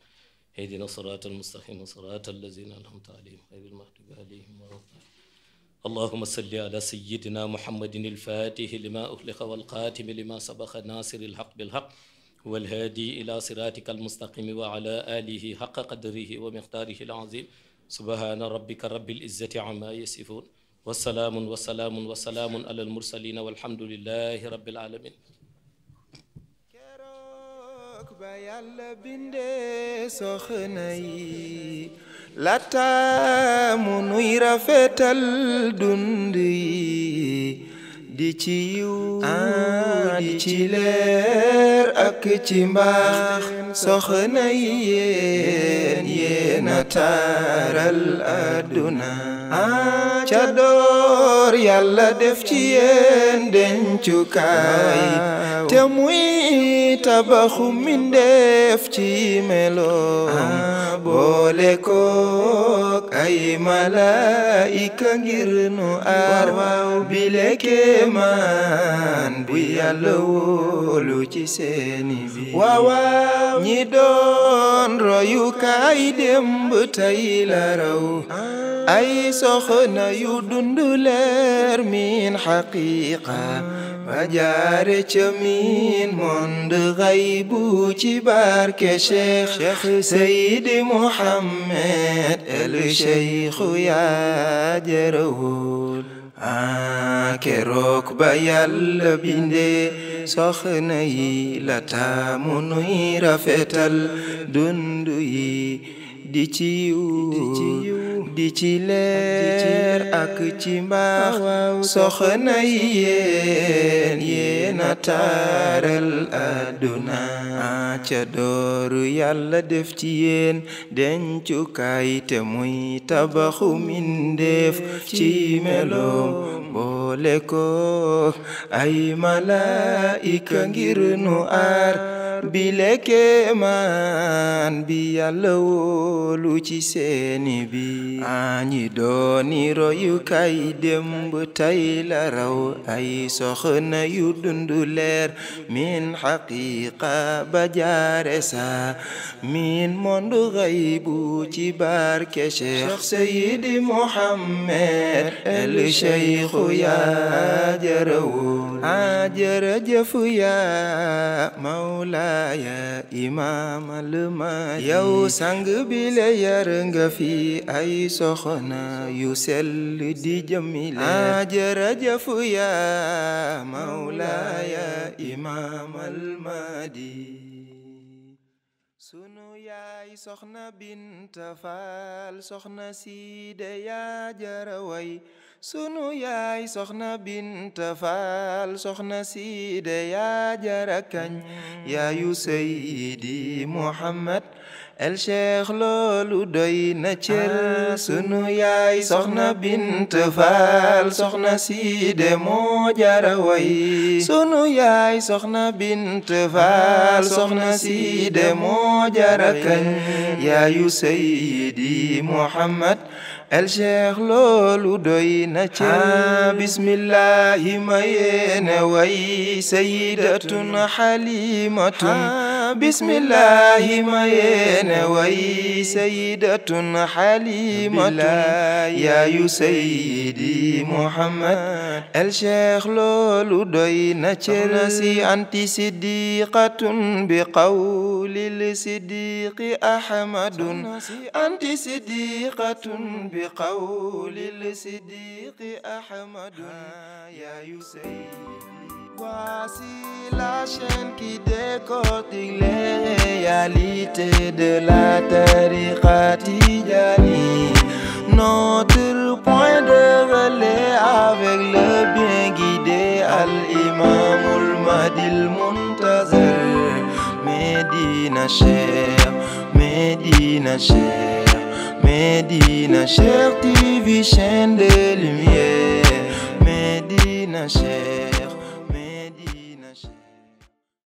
اهدنا الصراط المستقيم صراط الذين أنعمت عليهم غير المغضوب عليهم ولا اللهم صل على سيدنا محمد الفاتح لما أغلق والقاتم لما سبق ناصر الحق بالحق والهادي إلى صراطك المستقيم وعلى آله حق قدره ومقداره العظيم سبحان ربك رب العزة عما يصفون والسلام والسلام والسلام على المرسلين والحمد لله رب العالمين
ba yàlla bindee soxna yi lataamu nuy rafetal dund yi di ci yiw ah, di ci leer ak ci mbaax soxna yi yéen yéen a taaral àdduna ah, ca door yàlla def ci yéen dencukaay te muy tabaxu mindeef ci meloom ah, boole kook ay malaayika ngir nu aar bile kéem kéemaan bu yàlla wóolu ci seeni bi waawaaw ñi doon royukaay démb tey la raw ah. ay soxna yu dund leer min xaqiqa ma jaare ca min monde xaybu ci barke cheikh seydi muhammed el cheikhu yaa jërëwul ah keroog ba bindee soxna yi la taamu nuy rafetal dundu yi di ci yiw di ci leer ak ci mbaax soxna yéen yéena taaral àdduna ca dooru yàlla def ci yéen dencukaay te muy tabaxu mindeef ci meloom boole ko ay malaika ngir nu aar bi lekkee maan bi yàlla wóolu ci seeni bi añi dooni royukaay démb tey la raw ay soxna yu dund leer min xaqiqa ba jaare sa min mondu xaybu ci barke Cheikh Seydi Mouhamed el Cheikhu yaa jërëwoon a ah, yaa mawla ya imaama lëma yow sang bi la yar nga fi ay soxna yu sell di jëmi la ah, ah, jërëjëf ya mawlaaya imaamal madi sunu yaay soxna Binta Faal soxna si de yaa jara way sunu yaay soxna Binta Faal soxna siide yaa jara kañ yaayu Seydi Muhammad el cheikh loolu doy na cër sunu yaay soxna Binta Faal soxna siide moo jara sunu yaay soxna Binta Faal soxna siide moo jara yaayu Seydi Muhammad el cheikh loolu doy na ci ah, bismillahi ma yéene way sayidatun xalimatun ah, bismillahi ma yéene way sayyidatun xalimatun yaayu sayyidi muhammad el cheikh loolu doy na cër si anti siddiqatun bi qawlil siddiqi ahmadun anti siddiqatun bi qawlil siddiqi ahmadun yaayu sayyidi Voici la chaîne qui décortique les réalités de la tariqa Tijani. Notre point de relais avec le bien guidé Al-Imam Al-Mahdi Al-Muntazir. Medina Cheikh, Medina Cheikh, Medina Cheikh TV chaîne de lumière. Medina Cheikh.